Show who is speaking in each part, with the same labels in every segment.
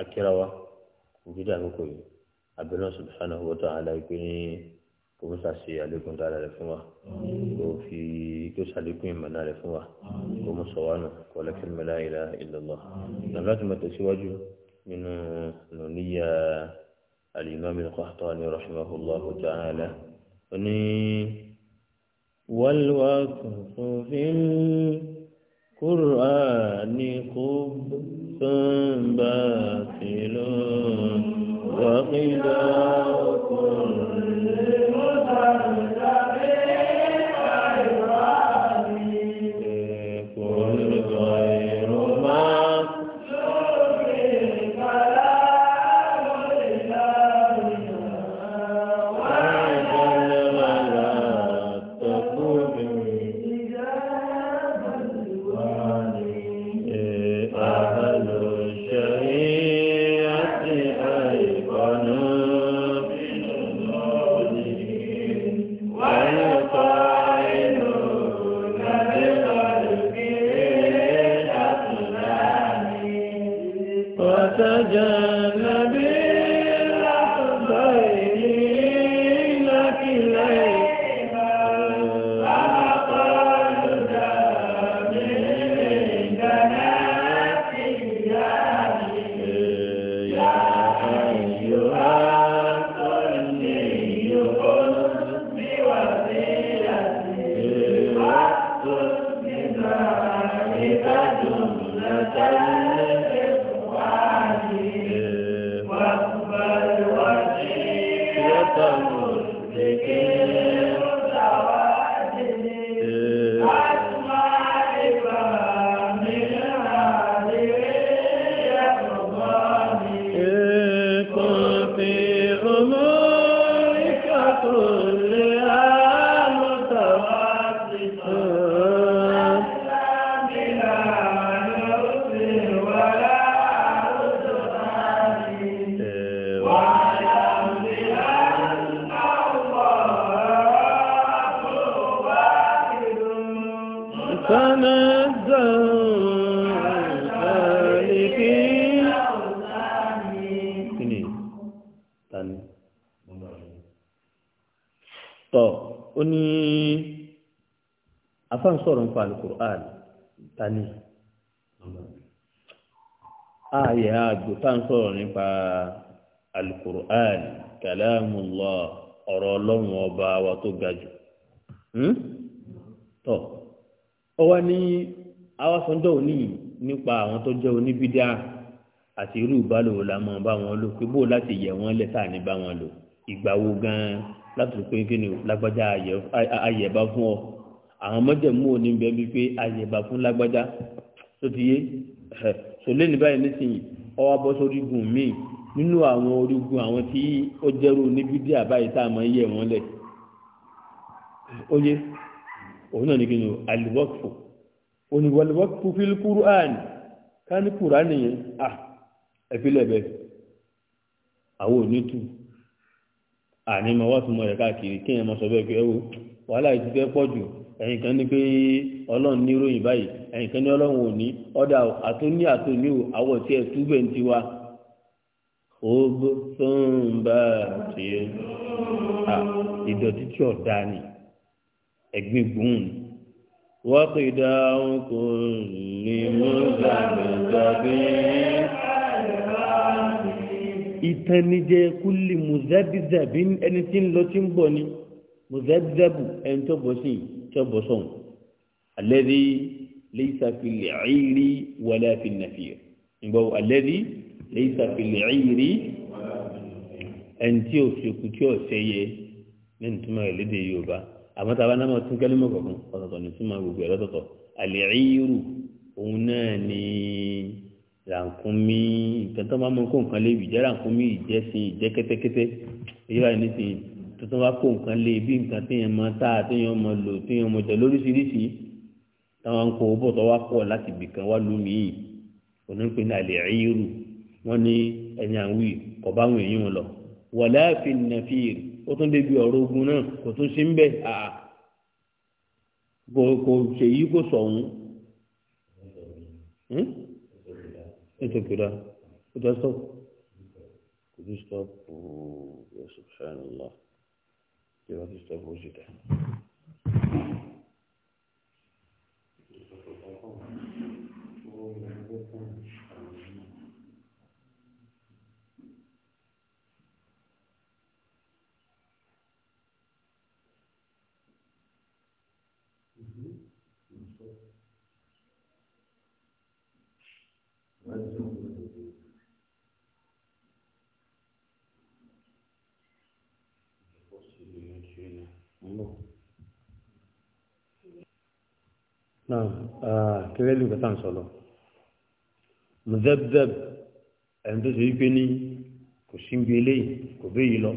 Speaker 1: akírawa òjijì àkókò yìí abẹ́lẹ́ subhanahu wa ta'ala pé ní kò mú sàṣe àlékún dára rẹ̀ fún wa kò fi kí ó sàlékún ìmọ̀nà rẹ̀ fún wa kò mú sọ wánà mẹ́lá ìlà ìlọ́lọ́ nàbẹ́ àti mọ́tò síwájú nínú nùníyà الإمام القحطاني رحمه الله تعالى والوقف في kúránì kó tó ń bá tìlú wàkídà ó. sọ̀rọ̀ ń pa alukur'an tani ààyè àgbò tá à ń sọ̀rọ̀ nípa alukur'an kàlámùlọ ọ̀rọ̀ ọlọ́run ọba wa tó ga hmm? tọ́ ọ wá ní awásánjọ́ òní nípa àwọn tó jẹ́ oníbídá àti irú ìbálòwò la máa bá wọn lò pé bó láti yẹ wọn lẹ ní bá wọn lò ìgbà gan ni lágbájá àwọn mọ́jẹ̀mú òní bẹ́ẹ̀ bíi pé àyè ìbà fún lágbájá tó ti yé sòlé ní báyìí nísìnyí ọwọ́ abọ́ sórí gùn míì nínú àwọn orígun àwọn tí ó jẹ́rú níbi díà báyìí tá a máa ń yẹ̀ wọ́n lẹ̀ ó yé òun náà ní kí ni alìwọ́kù oníwọlìwọ́kù fílkúrú àní ká ní kúrá nìyẹn à ẹ̀fílẹ̀ bẹ́ẹ̀ àwọn onítù àní máa wá túmọ̀ rẹ̀ káàkiri kí ẹ̀ máa sọ bẹ́ẹ̀ pé ẹ wo wàhálà yìí pọ̀ jù ẹ̀yìn kan ní pé ọlọ́run ní ròyìn báyìí ẹ̀yìn kan ní ọlọ́run ò ní ọ̀dà àtúní àtúní ò àwọ̀ tí ẹ túbẹ̀ ń tiwa. ogbó tó ń bá tiẹ̀ ìdọ̀tí tí ọ̀dà ni ẹ̀gbin gbùn ni. wọ́n pè dáhùn kò lè mú gbàgbọ́gbé. kúlì mùsàbìsàbí ẹni tí ń lọ tí ń bọ̀ ni mùsàbìsàbù ẹni tó bọ̀ sí yìí tí ó bọ̀ sọ̀hún alẹ́dí lẹ́sàfi lẹ́ẹ̀rí wọlé àfi nàfi ìgbà wo alẹ́dí lẹ́sàfi lẹ́ẹ̀rí ẹni tí ò ṣekú tí ò ṣẹyẹ ní ìtumọ̀ ìlédè yorùbá àmọ́ tá a bá náà mọ̀ tún kẹ́lẹ́mọ̀ kọ̀ọ̀kan ọ̀tọ̀tọ̀ ní túmọ̀ gbogbo ẹ̀ lọ́tọ̀tọ̀ àlẹ́ẹ̀rù òun náà ni rànkúnmí nǹkan tó máa mọ kó nǹkan léwu ìjẹ́ rànkúnmí ìjẹ́sìn ìjẹ́ kẹ́tẹ́kẹ́tẹ́ èyí báyìí nísìnyí tó tó bá kó nǹkan lé bí nǹkan téèyàn máa tá téèyàn máa lò téèyàn máa jẹ lóríṣiríṣi táwọn ń kó bọ̀ tó wá pọ̀ láti ibìkan wá lómii òní ń pè ní àlè ẹ̀yìrù wọ́n ní ẹ̀yìn àwìn kọ̀ bá àwọn èèyàn lọ wọ̀lẹ́ àfin nàfíìrì ó tún débi ọ̀rọ̀ ogun náà kò tún sí ń bẹ̀ àà kò ṣèyí kò sọ̀hún nítorí kò tó stop kò tó stop ooo subhanallah. Yo no estoy náà kẹrẹ́ ló ń kẹta ń sọ̀rọ̀ mùdẹ́bẹ́b ẹni tó ṣe wípé ní kò sí ibi eléyìí kò bí yìí lọ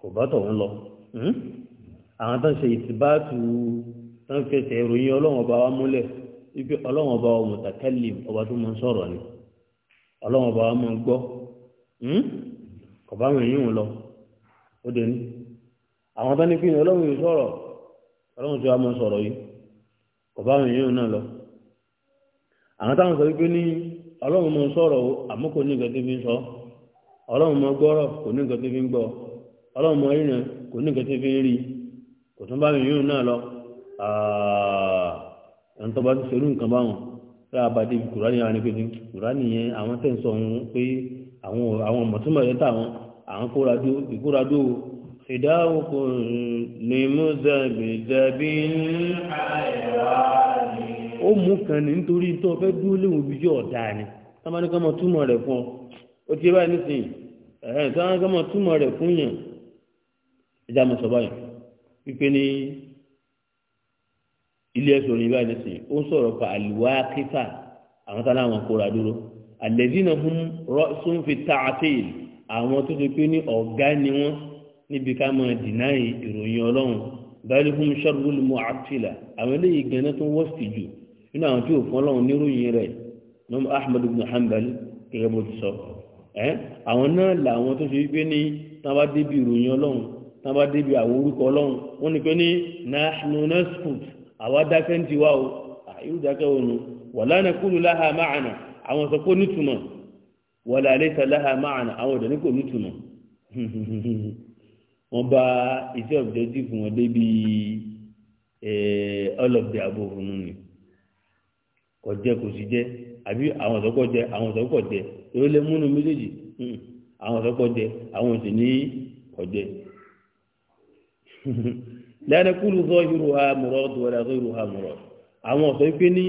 Speaker 1: kò bá tọ̀hún lọ hmm? àwọn tó ń ṣe ìtìbáàtù tó ń fẹsẹ̀ ìròyìn ọlọ́wọ́n ọba wa múlẹ̀ wípé ọlọ́wọ́n ọba wa mùtàkẹ́lì ọba tó máa ń sọ̀rọ̀ ni ọlọ́wọ́n ọba wa máa ń gbọ́ hmm? kò bá wọn yíwọ̀n lọ ó dẹni àwọn tó ní pín ọlọ́wọ́n yìí sọ̀rọ̀ ọlọ́wọ́n tó wa máa ń sọ̀rọ̀ yìí kọ̀bá àwọn èèyàn náà lọ àwọn táwọn sọ wípé ní ọlọ́run mọ sọ̀rọ̀ àmọ́ kò ní nǹkan tó fi ń sọ ọlọ́run mọ gbọ́rọ̀ kò ní nǹkan tó fi ń gbọ́ ọlọ́run mọ ríran kò ní nǹkan tó fi ń rí kò tún bá àwọn èèyàn náà lọ ẹ̀ń tó bá ti ṣerú nǹkan báwọn pé abàdé kùránì àwọn ẹgbẹ́ ní kùránì yẹn àwọn tẹ̀ ń sọ wọn pé àwọn mọ̀túnmọ̀ فداؤكم لمذبذب
Speaker 2: الحيوان ó mú
Speaker 1: kan ní nítorí tó fẹ́ dúró léwu bí yóò dáa ni táwọn kan mọ túmọ̀ rẹ̀ fún ọ ó ti báyìí nísìnyí ẹ̀hẹ́ táwọn kan mọ túmọ̀ rẹ̀ fún yàn ẹja mọ sọ báyìí wípé ní ilé ẹ̀sọ́ ní báyìí nísìnyí ó ń sọ̀rọ̀ pa àlùwá kíkà àwọn tá láwọn kóra dúró àlẹ́dínà fún rọ́ṣùn fi tààtì àwọn tó ti pé ní ọ̀gá ni wọ́n níbi ká máa dìná ìròyìn ọlọ́run báyìí fún sọ́rùlù mọ́ àtìlà àwọn eléyìí gan tó wọ́ọ̀sì jù nínú àwọn tí ò fún ọlọ́run níròyìn rẹ̀ nọ́mọ ahmed ibn hanbal gẹ́gẹ́ bó ti sọ ẹ́ àwọn náà làwọn tó ṣe wípé ní tábà débi ìròyìn ọlọ́run tábà débi àwọn orúkọ ọlọ́run wọ́n ní pé ní national nescut àwa dákẹ́ ń ti o àìrú dákẹ́ wọn o wàlá nàkúlù láhà máàna àwọn sọ pé nítumọ̀ wàlá àlẹ́ wọ́n bá iṣẹ́ objective wọn débi all of the above nù ni kò jẹ́ kò sí jẹ́ àbí àwọn ọ̀sọ́kọ̀ jẹ́ àwọn ọ̀sọ́kọ̀ jẹ́ èrò lè múnú méjèèjì hmm. àwọn ọ̀sọ́kọ̀ jẹ́ àwọn sì ní ọ̀jẹ́ lẹ́yìn kúlù sọ ìrù ha mọ̀rọ̀ ọ̀dùwẹ̀rẹ̀ sọ ìrù ha mọ̀rọ̀ àwọn ọ̀sọ́ pé ní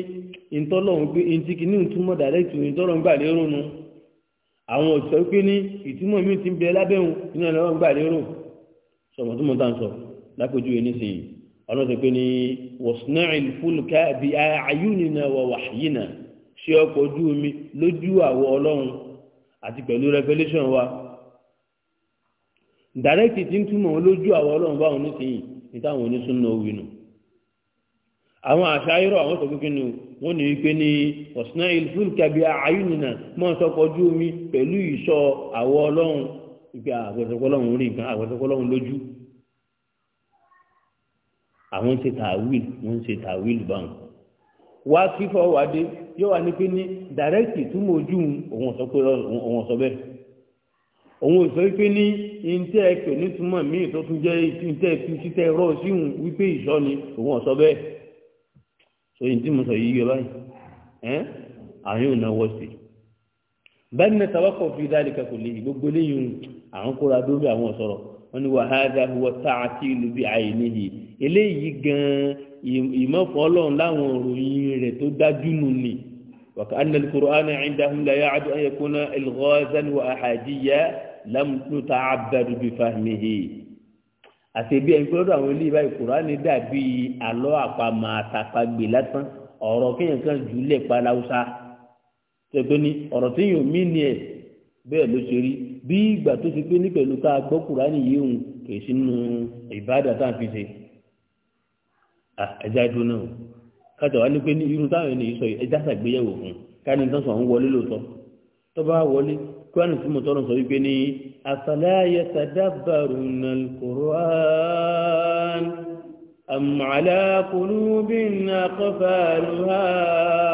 Speaker 1: ìtọ́lọ́hún pé ní kíní ìtumọ̀ dàrẹ́tì ìtọ́lọ́hún gbà lérò nu àwọn ọ̀sọ́ pé ní ìtumọ̀ mi ti bẹ lábẹ́hùn ìtọ́lọ́hún gbà lérò nu sọmọ tí mo tà ń sọ lápèjúwe nísìnyí ọlọ́run ti pé ní wọ̀sùnáìl fúlùkà bí ayúnina wà wàhíyìnà ṣé ọkọ̀ ojú omi lójú àwọ̀ ọlọ́run àti pẹ̀lú revolution wa dàrẹ́kì tí ń túmọ̀ lójú àwọ̀ ọlọ́run báwọn nísìnyí ní táwọn onísúnná òwì nù àwọn àṣàyírọ̀ àwọn sọ pé wọ́n ní wípé ní wọ̀sùnáìl fúlùkà bí ayúnina mọ́ sọkọ̀ ojú ibi àgbẹ̀sọ̀kọ́lọ́hún rí nǹkan àgbẹ̀sọ̀kọ́lọ́hún lójú àwọn ń ṣe tàwíìlì wọ́n ń ṣe tàwíìlì báwọn wá fífọ́ wá dé yóò wá ní pé ní dàrẹ́kì túmọ̀ ojú òun ọ̀sọ́ pé òun ọ̀sọ́ bẹ́ẹ̀ òun ò sọ wípé ní ìntẹ́ ẹ̀pẹ̀ nítumọ̀ míì tó tún jẹ́ ìntẹ́ ẹ̀pẹ̀ títẹ́ rọ́ọ̀ síhùn wípé ìṣọ́ ni òun ọ̀sọ́ bẹ́ẹ̀ so ìdí mo sọ yìí yọ báyìí ẹ́ àyùn náà wọ́ sí i bẹ́ẹ̀ ni tawakọ̀ fi dáàlì kẹkọ̀ọ́ lè gbogbo léyìn àwọn kóra dóbi àwọn sọ̀rọ̀ wọn ni wàhálà wọ táàtì ìlú bí àìní yìí eléyìí gan ìmọ̀fọ́ ọlọ́run láwọn òròyìn rẹ̀ tó dájú nù ni wàkà ánàlì kúrò ánà ìdáhùn láyà àdó ayẹkùnà ìlgọ́sán wà àhàdíyà lámùtún tá a bẹ̀rù bí fàmìhì. àtẹ̀bí ẹni pé lọ́dọ̀ àwọn eléyìí báyìí kúrò dàbí alọ́ àpamọ́ àtàpagbè lásán ọ̀rọ̀ kéèyàn kan jù pa láwùsá ṣẹgbẹ́ ni ọ̀rọ̀ tí yóò mí ni ẹ̀ bẹ́ẹ̀ ló ṣe rí bí ìgbà tó ṣe pé ní pẹ̀lú ká gbọ́ kùránì yìí òun kìí sínú ìbáàdà tá à ń fi ṣe ẹja dúró náà kájà wá ní pé ní irun táwọn ènìyàn sọ ẹja ṣàgbéyẹ̀wò fún káni nǹkan sọ àwọn wọlé lóòótọ́ tó bá wọlé kúránì tí mo tọ́nà sọ wípé ní àfàlàyé sàdábàrù nàlùkùrán àmàlà kùnú bí nàkọ́fà lùhàn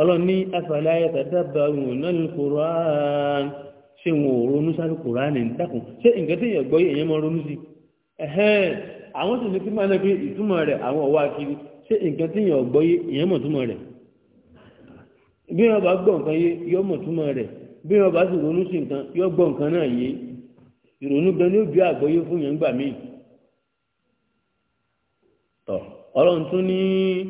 Speaker 1: ọlọ́run ní afẹ́lẹ́ ayẹ́tàdábàrún náà ní kòrán ṣe wọn ò ronú sáré kòrán ní dákùn ṣé nǹkan tí èèyàn gbọ́ èèyàn mọ ronú sí ẹ̀hẹ́n àwọn sì ní kí máa lẹ́gbẹ́ ìtumọ̀ rẹ̀ àwọn ọ̀wá kiri ṣé nǹkan tí èèyàn gbọ́ èèyàn mọ̀ túmọ̀ rẹ̀ bí wọn bá gbọ́ nǹkan yé yọ mọ̀ túmọ̀ rẹ̀ bí wọn bá sì ronú sí nǹkan yọ gbọ́ nǹkan náà yé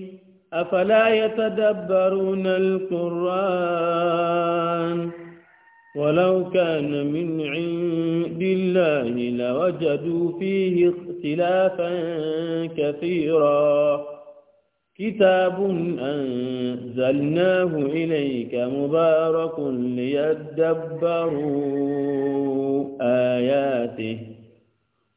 Speaker 1: أفلا يتدبرون القرآن ولو كان من عند الله لوجدوا فيه اختلافا كثيرا كتاب أنزلناه إليك مبارك ليدبروا آياته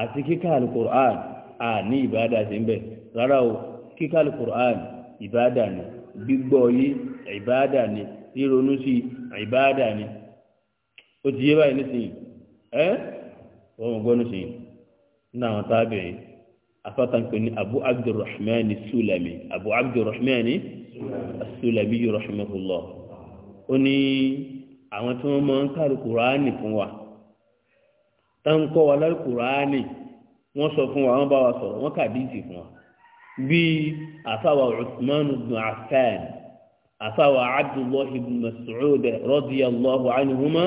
Speaker 1: àti kíkà alukur'an a ní ìbáadà sí ń bẹ̀ rárá o kíkà alukur'an ìbáadà ni gbígbọ́ yí ìbáadà ni ríronú sí ìbáadà ni ó ti yé báyìí nísìnyí ẹ́ wọ́n gbọ́ nísìnyí ní àwọn tábìlì afátankò ní abu abdulrahman sulami abu abdulrahman sulami yorùbá ó ní àwọn tí wọ́n mọ̀ ń kà alukur'an fún wa táǹkọ́ wa lálùkùránì wọ́n sọ fún wa wọ́n bá wa sọ̀rọ̀ wọ́n kàdíìsì fún wa bíi àfàwà usman ibn afan àfàwà abdullah ibn masoud rọ́díyàlláhu anihuma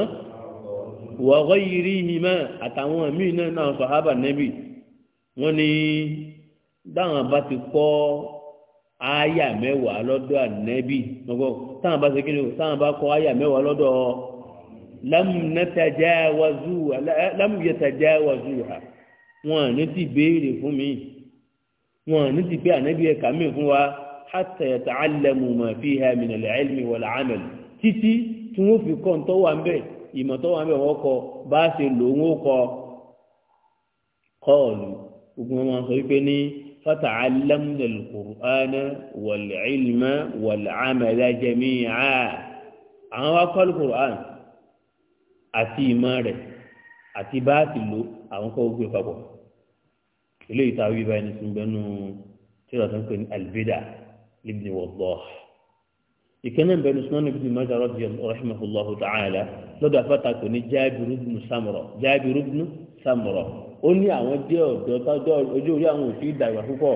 Speaker 1: wọ́gọ́ yìí hìmá àtàwọn míì náà náà sọ̀hábà nẹ́bì wọ́n ní dáhùn bá ti kọ́ ááyà mẹ́wàá lọ́dọ̀ ànẹ́bì táwọn bá ti kí ni táwọn bá kọ́ ááyà mẹ́wàá lọ́dọ̀ ọ́ lámùyẹtàjáwazúhà wọn ní ti béèrè fún mi wọn ní ti pé ànábì ẹ̀ka mi fún wa hátàyàtà alẹ́mù mà fi ha mìnàlẹ̀ ẹ̀lmi wọ̀lá àmẹ́lì títí tí wọ́n fi kọ́ ntọ́wà ń bẹ̀ ìmọ̀ tọ́wà ń bẹ̀ wọ́n kọ bá a ṣe lò wọ́n kọ kọ́ọ̀lù ogun wọn sọ wípé ní fata alamdal kur'ana wàlẹ̀ ẹ̀lmà wàlẹ̀ àmẹ́lẹ́ jẹ̀míyà àwọn wa kọ́ọ̀lù kur'ana àti ìmọ̀ rẹ̀ àti bá ti lò àwọn kọ́ gbé papọ̀ ilé ìta wíwá ẹni tún bẹnu tí ó rà pé ní albeda libni wọ́lọ́ ìkẹ́nà bẹnu sinọ́nà bíi mọ́jà rọ́bì rahimahullahu ta'ala lọ́dọ̀ afẹ́ta kò ní jábìrúbùnú sàmùrọ̀ sàmùrọ̀ ó ní àwọn dé ọ̀dọ́ tọ́jọ́ ojú orí àwọn òfin ìdàgbà púpọ̀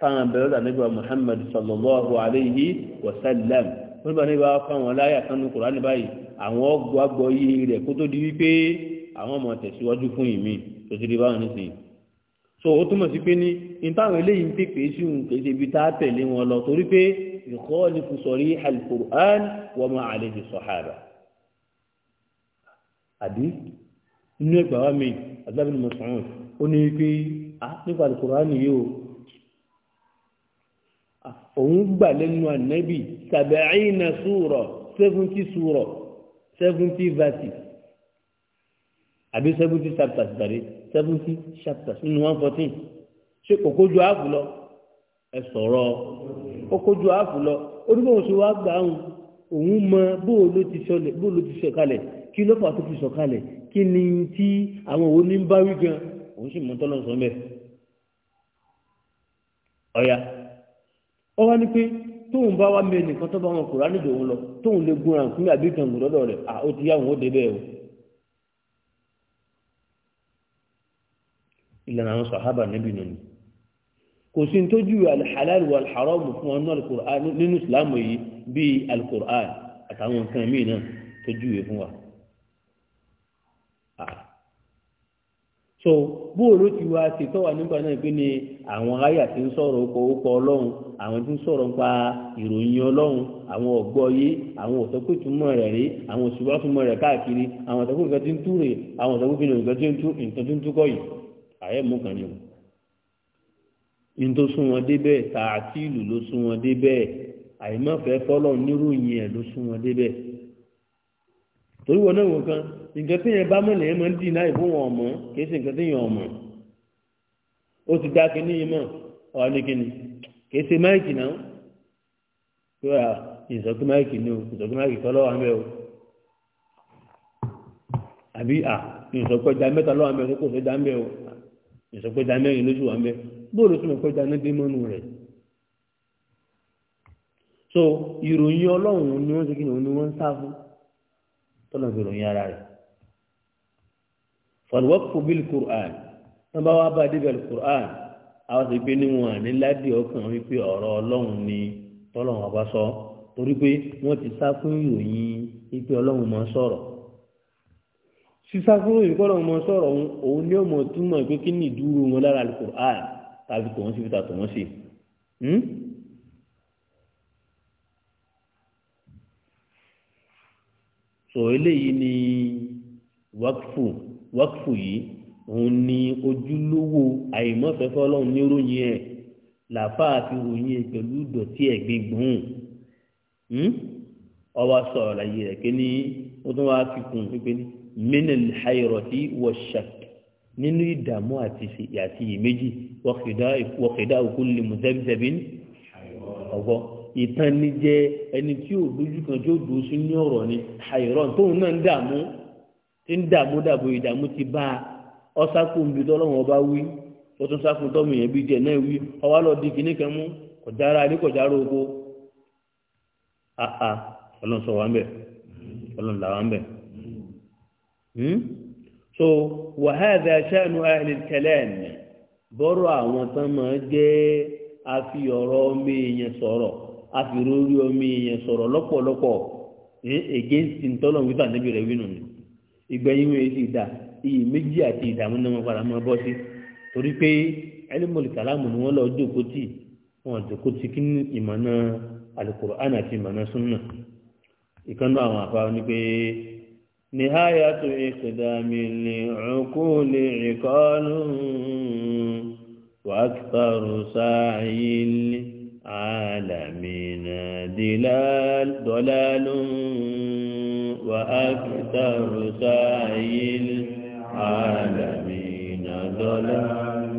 Speaker 1: táwọn abẹ́rẹ́ dà nígbà muhammed sallallahu alayhi wa sallam wọ́n bá nígbà fáwọn láyà kanú kùránì báyìí àwọn ọgbọ agbọ iye rẹ kó tó di wípé àwọn ọmọ tẹsíwájú fún ìmí tó ti di báwọn nísìnyí so ó túmọ̀ sí pé ní ìtàwọn eléyìí ń pèpè sí òun kì í ṣe ibi tá a tẹ̀lé wọn lọ torí pé ìkọ́ ni kò sọ̀rí alukur'an wọ́n máa àlejò sọ̀hárà àbí inú ẹgbàá wa mi àgbàbínú mọ̀sán ó ní pé a ah, nípa alukur'an yìí o ah, òun gbà lẹ́nu ànẹ́bì tàbí àyínà súrọ̀ seventy súrọ̀ seventy verses àbí seventy chapters gbàdé seventy chapters nínú one fourteen ṣé kòkó ju ààbò lọ ẹ sọ̀rọ̀ kòkó ju ààbò lọ onígbà wọn ṣe wá gbà ń òun mọ bóòlù ti sọlẹ̀ bóòlù ti sọ̀kalẹ̀ kí ló fà tó fi sọ̀kalẹ̀ kí ni tí àwọn òun ní bá wí gan òun sì mọ tọ́lọ̀ sọ mẹ́ ọ̀ya ọ wá ní pé tóun bá wá mi nìkan tó bá wọn kura nídò òun lọ tóun lè gun àǹkú mi àbí kàngùn lọ́dọ̀ rẹ̀ à ó ti yá òun ó dé bẹ́ẹ̀ o. ìlànà àwọn sàhábà níbi nù ni kò sí ní tójú alḥalal wa alḥaramu fún wọn nínú islam yìí bíi alqur'an àtàwọn nǹkan míì tójú yìí fún wa. so bóòlù ti wá ṣètò wà nígbà náà pé ni àwọn aya ti ń sọ̀rọ̀ ọkọ̀ ọkọ̀ ọlọ́run àwọn ti ń sọ̀rọ̀ nípa ìròyìn ọlọ́run àwọn ọ̀gbọ́ yé àwọn òsọ́kùtùmọ̀ rẹ̀ rí àwọn òṣùwàsùmọ̀ rẹ̀ káàkiri àwọn òsọ́kùnkan ti ń tú rè àwọn òsọ́kùnkan nǹkan ti ń tú nǹkan ti ń túkọ̀ yìí ààyè mú kan ni o. n tó sún wọn débẹ̀ tààtìlù ló sún wọn débẹ̀ àìmọ̀fẹ́ fọ́lọ́ níròyìn ẹ̀ torí wọn náà wọ kan nǹkan tí yẹn bá mọ̀ lẹ́yìn máa ń dì náà ìfún wọn ọmọ kì í ṣe nǹkan tí yẹn ọmọ ó ti dá kínní yìí mọ̀ ọ̀hún ní kínní kì í ṣe máìkì náà tó yà ìsọ̀kí máìkì ní o ìsọ̀kí máìkì kọ́ lọ́wọ́ àmì o àbí à ìsọ̀kọjà mẹ́ta lọ́wọ́ àmì o kò sọ́jà àmì o ìsọ̀kọjà mẹ́rin lóṣù àmì bóòlù tó mọ̀ kọjá ní démọ́nù rẹ̀ so ìròyìn ọlọ́run ni wọ́n ṣe tọ́lọ̀ fi ròyìn ara rẹ̀ fọlùwọ́pù bíi qur'an tó bá wá bá débẹ̀ qur'an àwọn ti pé níwọ̀n ní ládìí ọkàn wípé ọ̀rọ̀ ọlọ́run ni tọ́lọ̀ wọn bá sọ torí pé wọ́n ti sá fún ìròyìn wípé ọlọ́run máa sọ̀rọ̀ sísá fún ìròyìn kọ́lọ́run máa sọ̀rọ̀ òun ni ó mọ̀ túmọ̀ pé kí ni ìdúró wọn lára qur'an tàbí kò wọ́n sì fi tàtọ̀ wọ́n sí hmm? so eléyìí ni wákfù wákfù yìí òun ni ojúlówó àìmọ́fẹ́fẹ́ ọlọ́run ní ròyìn ẹ̀ làfáà fi ròyìn ẹ̀ pẹ̀lú dọ̀tí ẹ̀ gbígbón ọwọ́ hmm? sọ̀rọ̀ láyé rẹ̀ kí ni ó tún wá fi kún pípé ní mínìlì àìrọ̀tí nínú ìdààmú àti ìyèméjì wọ̀kìdá òkú lè mú zẹ́bìzẹ́bì ọgbọ́n ìtanijẹ ẹni tí ò lójú kan tí ó dùn sí ní ọ̀rọ̀ ni àìrọ̀n tóun náà ń dààmú tí ń dààmú dàbò ìdààmú ti bá a ọ̀sákùn bí tọ́lọ́wọ́n bá wí lọ́tún sákùn tọ́mù yẹn bí jẹ náà wí ọwá lọ di kìíní kan mú kọjára ní kọjára oko àà ọlọ́run sọ wá ń bẹ̀ ọlọ́run là wá ń bẹ̀. Hmm? so wàhálà ṣáànù àìlèkẹlẹ́ ẹ̀ bọ́rọ̀ àwọn tán máa jẹ́ àfihàn ọ̀rọ̀ ọmọ èèyàn sọ̀rọ̀ a fi rórí omi èèyàn sọ̀rọ̀ lọ́pọ̀lọpọ̀ against ntọ́lọ̀ wípé ànábì rẹ̀ wínú ni ìgbẹ́yìn wọn èsì ìdá iyì méjì àti ìdààmú náà wọn padà máa bọ́ sí torí pé ẹlẹ́mọ̀lì kàlámù ni wọ́n lọ jókòó tì wọn jókòó tì kí ní ìmọ̀nà alukoro ana àti ìmọ̀nà súnà ìkànnú àwọn àfa ni pé nìháyà tó ìkìdàmì lè ọkọ lè rìkọ́lù wàá kìtàrù sáà yìí lé. عالمين دلال ضلال وأكثر سعي العالمين ضلال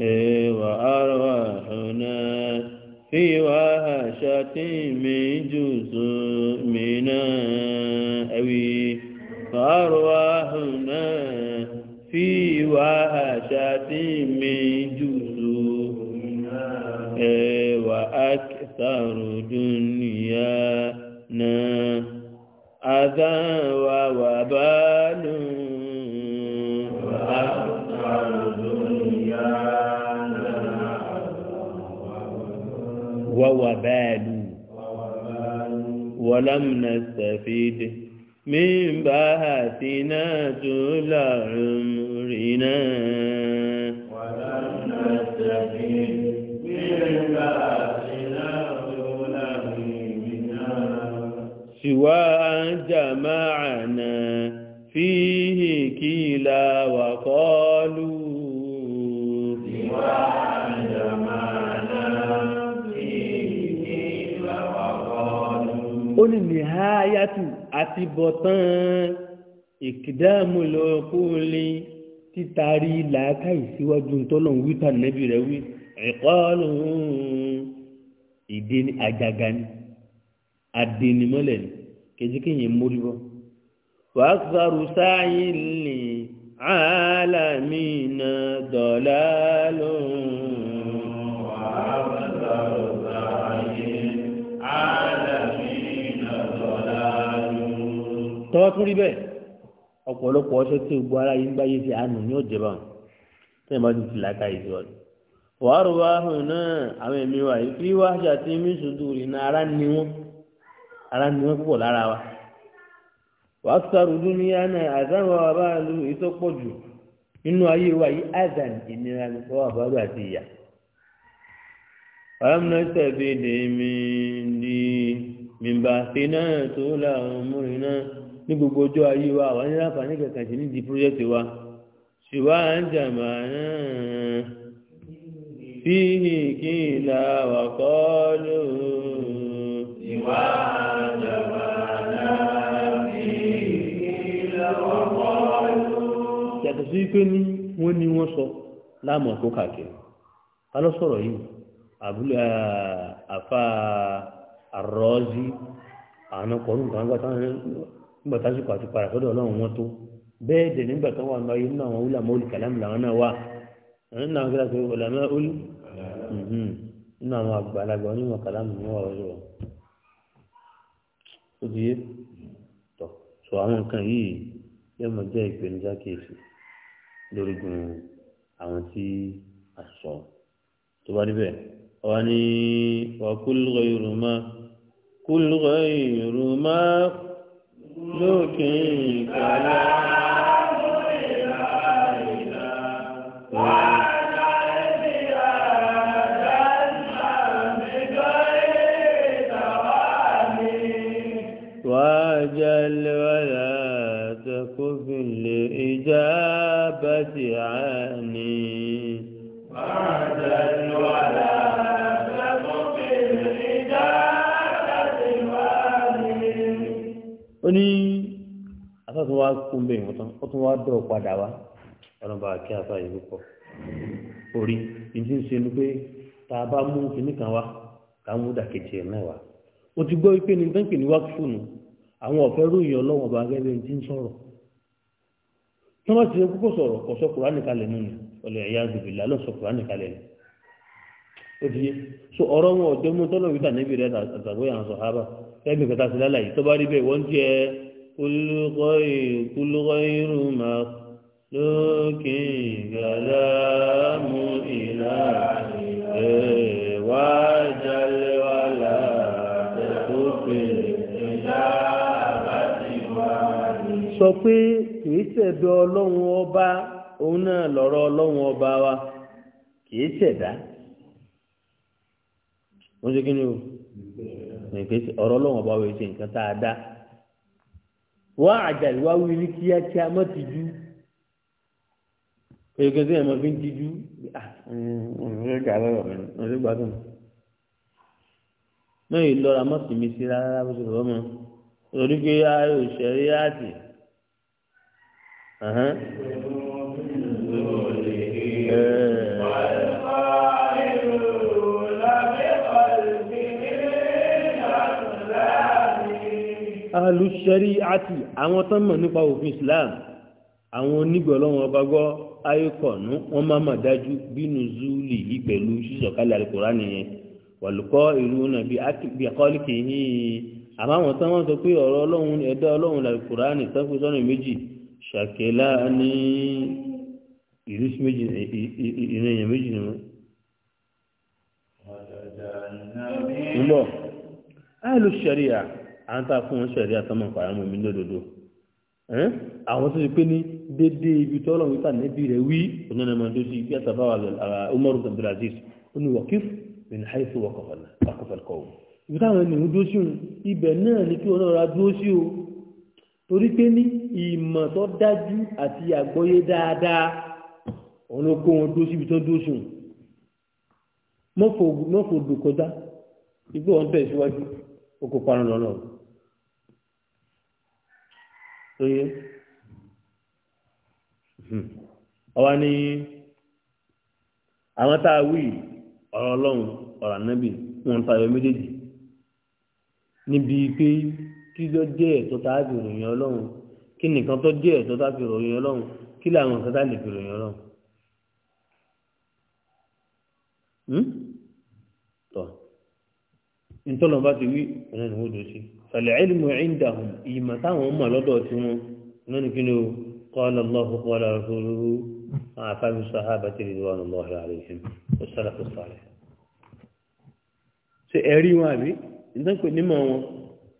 Speaker 1: إيه، وأرواحنا في وهشة من جزء منا أوي فأرواحنا في وهشة من dúnìyà náà àdáwà wà bá lù wọ́wọ́ bẹ́ẹ̀ lù wọ́lọ́m na sàfídì mímbà àti náà وأن جمعنا فيه كلا وقالوا
Speaker 2: وأن جمعنا فيه كلا
Speaker 1: وقالوا قل نهاية أتبطان ìkìdáàmù lọ́kú lé títàrí làákà ìsíwájú tọ́lọ̀ ń wíta nẹ́bí rẹ̀ wí ẹ̀kọ́ọ̀lù ìdí àjàgà kejì kéèyàn mórí bọ́ wàá sọ̀rọ̀ sáyé ní àlàmínà dọ̀là lóhùn.
Speaker 2: wàá sọ̀rọ̀ sáyé àlàmínà dọ̀là lóhùn.
Speaker 1: tọ́wọ́ tún rí bẹ́ẹ̀ ọ̀pọ̀lọpọ̀ ọṣẹ tí gbogbo ara yìí ń gbáyé sí àánú ní ọ̀jẹ̀ bá wọn tẹ́ bá ti fi làákà yìí sọ wàá rọ̀ wá hàn náà àwọn ẹ̀mí wa yìí fi wáṣà tí mí sùn dùn ni wọ́n ara ni wọ́n púpọ̀ lára wa wàá sọ̀rọ̀ dúnìyà náà àdáwọ̀ bá lu ìtọ́pọ̀ jù nínú ayé wa yìí àdàn ìnira ni wọ́n àbárò àti ìyà ọlọ́mọdé tẹ̀bi dèmi ní mìbàtí náà tó làwọn múrin náà ní gbogbo ọjọ́ ayé wa àwọn ní láǹfààní kankan sí nídìí pírọ́jẹ́tì wa ṣùgbọ́n à ń jàmbá náà fíhì kí ìlà wà kọ́ lóòó. yàtọ̀ sí pé ní wọ́n ní wọ́n sọ láàmú ọ̀kọ́ kàkiri ta ló sọ̀rọ̀ yìí àbúlé àti padà sọ́dọ̀ ọlọ́run wọn tó bẹ́ẹ̀ dẹ̀ nígbà tó wà náà inú àwọn wúlà mọ́ọ̀lù làwọn náà wà àwọn mhm, àwọn àgbàlagbà onímọ̀ ni wọ́n ó di yé tọ̀ sọ àwọn nǹkan yìí yóò mọ jẹ́ ìpèníjà kéèsì lórí gun àwọn tí a sọ tó bá níbẹ̀ wọ́n ní wàkúlùkọ yorùbá kúlùkọ yorùbá lókè kàlá. الإجابة عني بعد الولاء ó ní afẹ́fẹ́ wa kún bẹ́ẹ̀ wọ́n tán ó tún wá dọ̀ padà wá ọ̀nà bá kí afá yìí púpọ̀ orí ìdí ń ṣe ni pé tá a bá mú kinní kan wá ká mú dàkejì ẹ̀ mẹ́wàá ó ti gbọ́ pé ní bẹ́ńkì ní wákìfù àwọn ọ̀fẹ́ ròyìn ọlọ́wọ́n bá gẹ́gẹ́ bí ti ń sọ̀rọ̀ tí wọ́n ti ṣe kókó sọ̀rọ̀ kò sọ kùránì kalẹ̀ nínú ọ̀lẹ̀ ẹ̀yà gbèbèlà lọ sọ kùránì kalẹ̀ ni ó ti yé so ọ̀rọ̀ wọn ọ̀jọ́ mú tọ́lọ̀ wíta níbi rẹ̀ àtàgbé àwọn sọ̀hábà ẹ̀mí kẹta sí lálàyé tó bá rí bẹ́ẹ̀ wọ́n jẹ́ kúlúkọ́ irú máa lókè gàlámù ìlà ẹ̀wájà sọ pé kìí ṣẹ̀dọ̀ ọlọ́run ọba òun náà lọ̀rọ̀ ọlọ́run ọba wa kìí ṣẹ̀dá wọ́n ṣe kí ni o ọ̀rọ̀ ọlọ́run ọba wa ṣe nǹkan tá a dá wá àjàlè wá wí ní kíákíá mọ́ ti jú èyíkẹ́ tí ẹ̀mọ́ fi ń ti jú mẹ́rin lọ́ra mọ́sìmí sí rárá bó ṣe lọ́mọ torí pé ayò ṣẹ̀rí àti alùsẹ̀rí eh. àti àwọn tó mọ̀ nípa òfin islam àwọn onígbọ̀lọ́wọ́n ọba gbọ́ ayékọ̀ọ́nù wọn máa mà dájú bínú zúlì yìí pẹ̀lú sísọ̀kalẹ̀ àlùkòrá nìyẹn wàlùkọ́ ìlú nàbí àkọ́lì kìíní àmọ́ àwọn tó wọ́n sọ pé ọ̀rọ̀ ọlọ́run ẹ̀dá ọlọ́run làlùkòrá nì sọ́fún sọ́nà méjì ṣàkélá ní ìrísí méjì ìrìn èèyàn méjì ni wọn. ń bọ̀ áìlú ṣẹ̀ríà à ń tà fún wọn ṣẹ̀ríà tó mọ̀ pàrọ̀ mọ̀ mí lódodo àwọn tó ti pé ní dédé ibi tọ́lọ̀ wípà níbi rẹ̀ wí onínàmọ́ tó ti bí àtàbáwà umaru abdulaziz ó ní wọ́kíf bin haifu wakọ̀fẹ̀lẹ̀ ibi táwọn ènìyàn dúró sí ibẹ̀ náà ni kí wọn náà ra sí o torí pé ní ìmọ̀ tó dájú àti àgbọ́yé dáadáa òun ló kó wọn dúró síbi tó dúró sùn mọ́fò dùn kọjá igbó wọn tẹ̀ síwájú oko parun lọ́nà lóye ọwa ni àwọn tá a wí ọ̀rọ̀ ọlọ́run ọ̀rọ̀ ànábì wọn tayọ méjèèjì níbi pé kí ló jẹ́ ẹ̀tọ́ tá a fi ròyìn ọlọ́run kí nìkan tó jẹ́ ẹ̀tọ́ tá a fi ròyìn ọlọ́run kí làwọn kan tá a lè fi ròyìn ọlọ́run. Hmm? tọ́ ntọ́nà bá ti wí ọ̀nà ìwọ́n dò sí fàlẹ́ ẹ̀lìmọ̀ ẹ̀ńdà hùn ìyìmọ̀ táwọn mọ̀ lọ́dọ̀ tí wọ́n náà ní kí ni o قال الله قال رسوله أعفام الصحابة رضوان الله عليهم والسلف الصالح سأري وابي إذن كنت نمو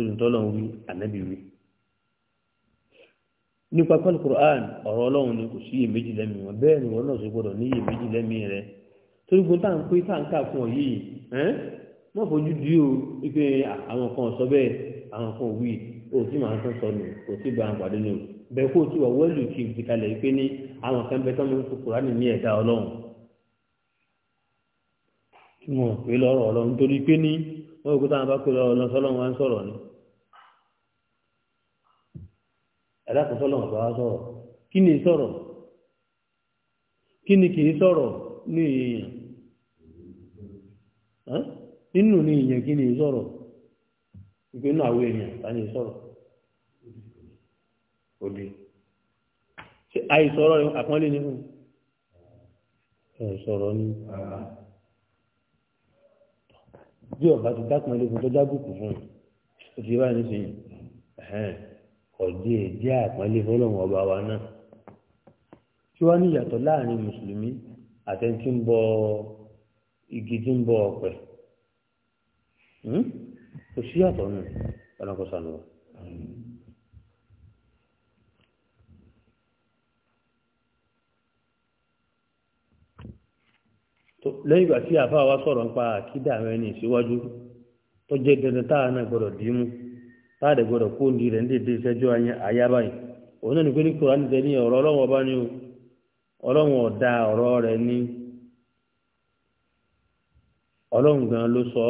Speaker 1: lórí tọ́lọ̀ wí ànábì wí. nípa pẹ́lú quran ọ̀rọ̀ ọlọ́run ni kò sí iyèméjì lẹ́mí wọn bẹ́ẹ̀ ni wọn náà sì gbọ́dọ̀ ní iyèméjì lẹ́mí rẹ torí gbọ́n tá à ń pé tá à ń kà fún ọ yìí mọ́ fojú di o wípé àwọn kan sọ bẹ́ẹ̀ àwọn kan wí o tí màá tán sọ nù kò sí bá ń pàdé nù bẹ́ẹ̀ kó o ti wà wẹ́lù kí n ti kalẹ̀ pé ní àwọn kan bẹ tọ́mọ fún quran ní ẹ̀dá ọlọ́run wọn pè lọ́rọ̀ ọlọ́run torí pé ní wọn kó táwọn bá pè lọ́rọ̀ ọlọ́run sọ́lọ́run wá ń sọ̀rọ̀ ni ẹ̀dàkùn sọ́lọ̀ ọ̀gá sọ̀rọ̀ kí ni sọ̀rọ̀ kí ni ní èèyàn nínú ní èèyàn kí ni sọ̀rọ̀ ìgbénú àwọn èèyàn ta ni sọ̀rọ̀ òde ṣe àìsọ̀rọ̀ àpọ́nlé ni fún ẹ̀sọ̀rọ̀ ni bí ọ̀gá ti dákùnrin lókun tó fún ti báyìí ọ̀dí èdè àpọ́nlé fọlọ́run ọba wa náà kí wọ́n ní ìyàtọ̀ láàrin mùsùlùmí àtẹni tí ń bọ igi tí ń bọ ọ̀pẹ hmm? kò sí yàtọ̀ nù ọlọ́kọ̀ sànù wa. lẹ́yìn ìgbà tí àfa wa sọ̀rọ̀ nípa àkídà rẹ̀ ní ìṣíwájú tó jẹ́ dandan táà náà gbọ́dọ̀ dìímú. táàdẹ̀ gbọ́dọ̀ kó ní rẹ̀ ní dèdè ìṣẹ́jú àyà báyìí onye náà ní pé tẹ ní ọ̀rọ̀ ọlọ́wọ́ o ọlọ́wọ́ ọ̀dà gan ló sọ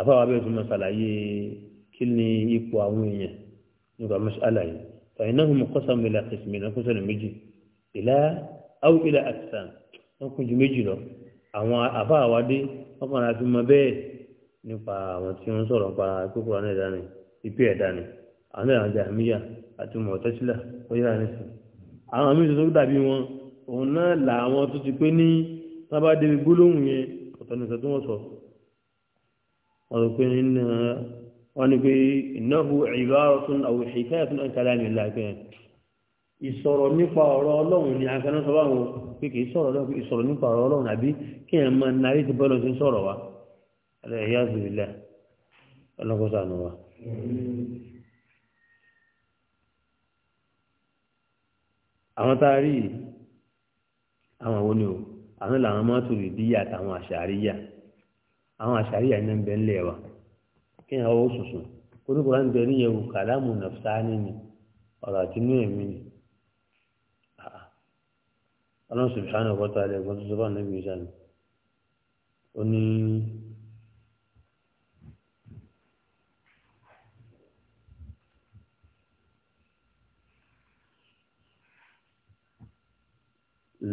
Speaker 1: abẹ́rẹ́ tó máa ṣàlàyé kí ni ipò àwọn èèyàn nípa mọ́ṣáláyé fàyín náà mo kọ́ ìlà áwù ìlà àtìsàn wọn kún ju méjì lọ àwọn àbá àwádé wọn kàn láti mọ bẹ́ẹ̀ nípa àwọn tí wọn sọ̀rọ̀ nípa kókòrò náà dání ìpè ẹ̀dá ni àwọn ẹ̀rọ àjà àmìyà àti mọ̀tẹ́sílà ọ̀yà nìsín àwọn àmì tuntun dàbí wọn òun náà làwọn tó ti pé ní tábà gbólóhùn yẹn ọ̀tọ̀ nìkan tó wọ́n sọ wọ́n sọ pé nínú wọn ni pé ìnáwó ìbára tún àwòṣe ìkáyà tún àǹkálá ní ìlà ìpẹ́yẹn ìsọ̀rọ̀ nípa ọ̀rọ̀ ọlọ́run ni àgbẹ̀nà sọ báwọn pé kì ìsọ̀rọ̀ nípa ọ̀rọ̀ ọlọ́run àbí kí ẹ̀ máa narí ti bọ́ọ̀lù sí sọ̀rọ̀ wa ẹ̀yà wa. àwọn a àwọn àwọn àwọn làwọn rí díyà ọlọ́run subhanahu wa ta'ala ẹ̀gbọ́n tó sọ fún ànábì ìṣá ni ó ní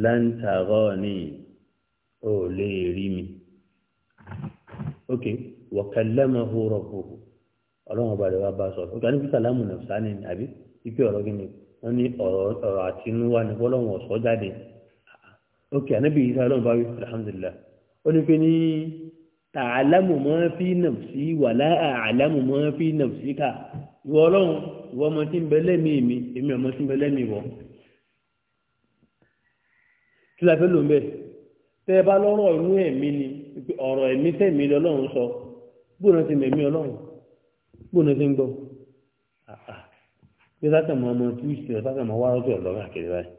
Speaker 1: láǹtàrọ́ ni ó lè rí mi ok wọ̀kẹ́lẹ́mọ̀ hóró hóró ọlọ́run ọba rẹ̀ wá bá sọ̀rọ̀ ok àníbi sàlámù nàfṣà ni àbí ipe ọ̀rọ̀ gíní wọ́n ní ọ̀rọ̀ àtinúwá ni bọ́lọ́wọ̀n ọ̀sọ́ jáde òkè ànábì yìí sáré lọ́nà báwí alhamdulilah ó ní pé ní tààlámù mọ́ fi nàfsí wàlá àlámù mọ́ fi nàfsí ká ìwọ ọlọ́run ìwọ ọmọ tí ń bẹ lẹ́mìí mi èmi ọmọ tí ń bẹ lẹ́mìí wọ. kí la fẹ́ lò ń bẹ̀ tẹ́ ẹ bá lọ́rọ̀ inú ẹ̀mí ni ọ̀rọ̀ ẹ̀mí tẹ̀mí lọ́lọ́run sọ bóun ti mẹ̀mí ọlọ́run bóun ti ń gbọ́ pé sátẹ̀mọ́ ọmọ tí ó ṣe sátẹ̀mọ́ wá rọ́tò ọ̀lọ́run àkèrè báyìí.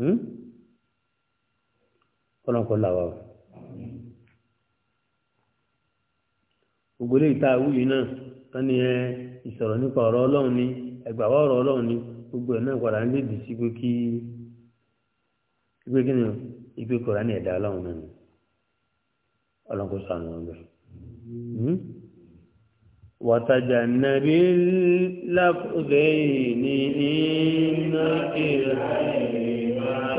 Speaker 1: Hmm? kọ́lọ́n kọ́ làwà o. ìta àwùjọ náà wọ́n ní ẹ ìsọ̀rọ̀ nípa ọ̀rọ̀ ọlọ́run ní ẹgbàá ọ̀rọ̀ ọlọ́run ní gbogbo ẹ̀ náà padà ń sí pé kí ìgbé ìgbé kọ̀ọ̀rọ̀ ní ẹ̀dá ọlọ́run náà ni sànù wọn إن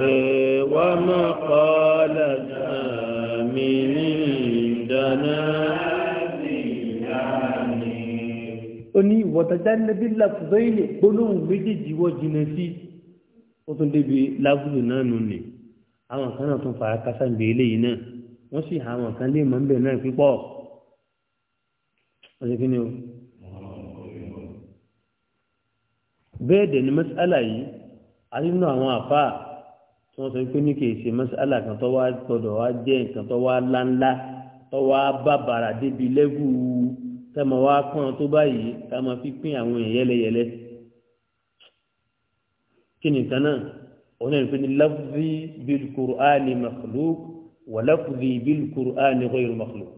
Speaker 1: إلهي hmm? ó ní ìwọ̀tajà níbi làkùzọ́ ilé gbólóhùn méjèèjì wọ́n jìnnà sí ó tún débi lágùlù náà nù ní àwọn kan náà tún fara kásá ń gbé eléyìí náà wọ́n sì àwọn kan lè mọ̀ ń bẹ̀ náà pípọ̀ ni o. bẹ́ẹ̀ dẹ̀ ni mẹ́sàlá yìí arínú àwọn àfa tí wọ́n sọ pé ní kìí ṣe mẹ́sàlá kan tó wá gbọ́dọ̀ wá jẹ́ nǹkan tó wá láńlá tó wá bàbàrà débi lẹ́gùn tẹmọ wa pọn tó báyìí ká máa fi pín àwọn èèyàn yẹlẹyẹlẹ kí ni nǹkan náà òun náà ń pè ní lafzi bil kur'ani makhluk wà lafzi bil kur'ani ghayr makhluk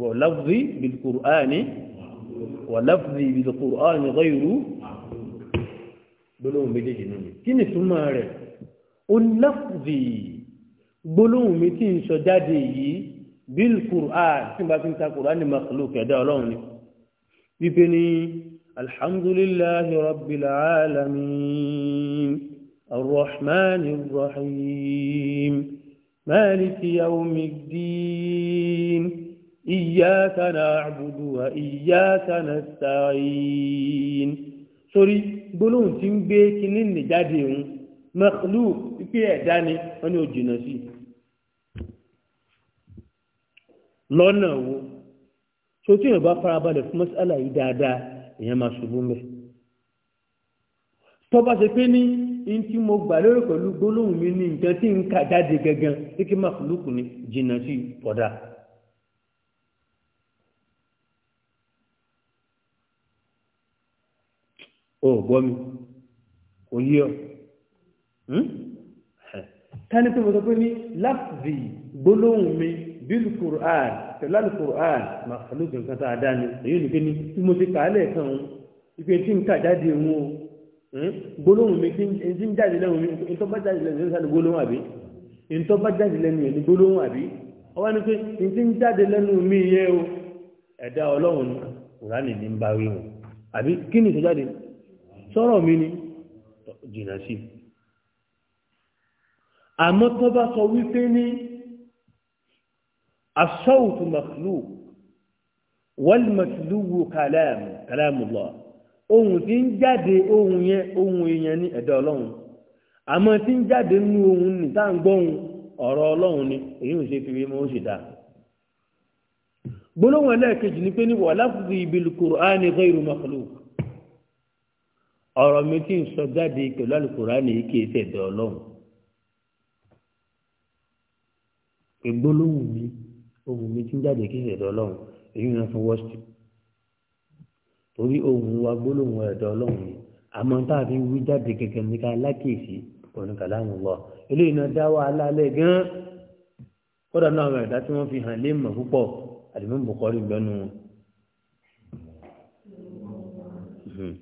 Speaker 1: wà lafzi bil kur'ani wà lafzi bil kur'ani ghayr gbólóhùn méjèèjì nínú kí ni túmọ̀ rẹ̀ ó lafzi gbólóhùn mi tí ń sọ jáde yìí bil qur'an tí n bá fi ń ta qur'an ni makhluk ẹ̀dá ọlọ́run ni wípé ní alhamdulilahi rabbil alamin arrahman rahim maliki yawmiddin iyaka na'budu wa iyaka nasta'in sori gbólóhùn tí ń gbé kinní nìjáde òun makhluk wípé ẹ̀dá ni wọ́n ní ó jìnnà sí i. lọ́nà wo tó tí èèyàn bá farabalẹ̀ fún mọ́sálà yìí dáadáa èèyàn máa ṣubú mẹ́. tọ́ba ṣe pé ní n tí mo gbà lérò pẹ̀lú gbólóhùn mi ní nǹkan tí ń kà jáde gangan tí kí má fúlùkù ni jìnnà sí ọ̀dà. o gbọ́ mi kò yí ọ hmm? ká ní mo sọ pé ní láti gbólóhùn mi bílù kùrán tẹ̀lálù kùrán màálùkù nǹkan tá èyí ni kíni tí mo ti kà á lẹ́ẹ̀kan o ìpè tí n kà jáde wọn o gbólóhùn mi tí n jáde lẹ́nu mi ntọ́ bá jáde lẹ́nu mi sáré gbólóhùn àbí ntọ́ bá jáde lẹ́nu mi gbólóhùn àbí ọwọ́ ni pé n ti ń jáde lẹ́nu mi yẹ o ẹ̀dá ọlọ́run ni kùrán ni ń bá wí àbí kí ni ìtọ́jáde sọ́rọ̀ mi ni jìnnà sí àmọ́ tó bá sọ wípé ní. الصوت مخلوق والمتلو كلام كلام الله ohun tí ń jáde ohun yẹn ohun èèyàn ní ẹ̀dá ọlọ́run àmọ́ tí ń jáde nínú ohun ní tá à ń gbọ́hun ọ̀rọ̀ ọlọ́run ni èyí ò ṣe fìwé mọ́ ó ṣe dá. gbólóhùn ẹlẹ́ẹ̀kejì ni pé ní wà láfùdí ìbílù kùránì gbẹ́rù mọ́kàlù ọ̀rọ̀ mi tí ń sọ jáde pẹ̀lú àlùkùránì yìí kì í ṣe ẹ̀dá ìgbólóhùn mi ohun mi ti ń jáde kí ẹ̀dọ̀ ọlọ́run èyí náà fún wọ́ọ̀sì torí ohun wa gbólóhùn ẹ̀dọ̀ ọlọ́run ni àmọ́ tá a fi ń wí jáde gẹ́gẹ́ ní ká lákèsí òun kàlámù lọ eléyìí náà dá wàhálà alẹ́ gan kódà náà àwọn ẹ̀dá tí wọ́n fi hàn lé mọ̀ púpọ̀ àdìmọ́ bùkọ́rí lọ́nu wọn. Hmm.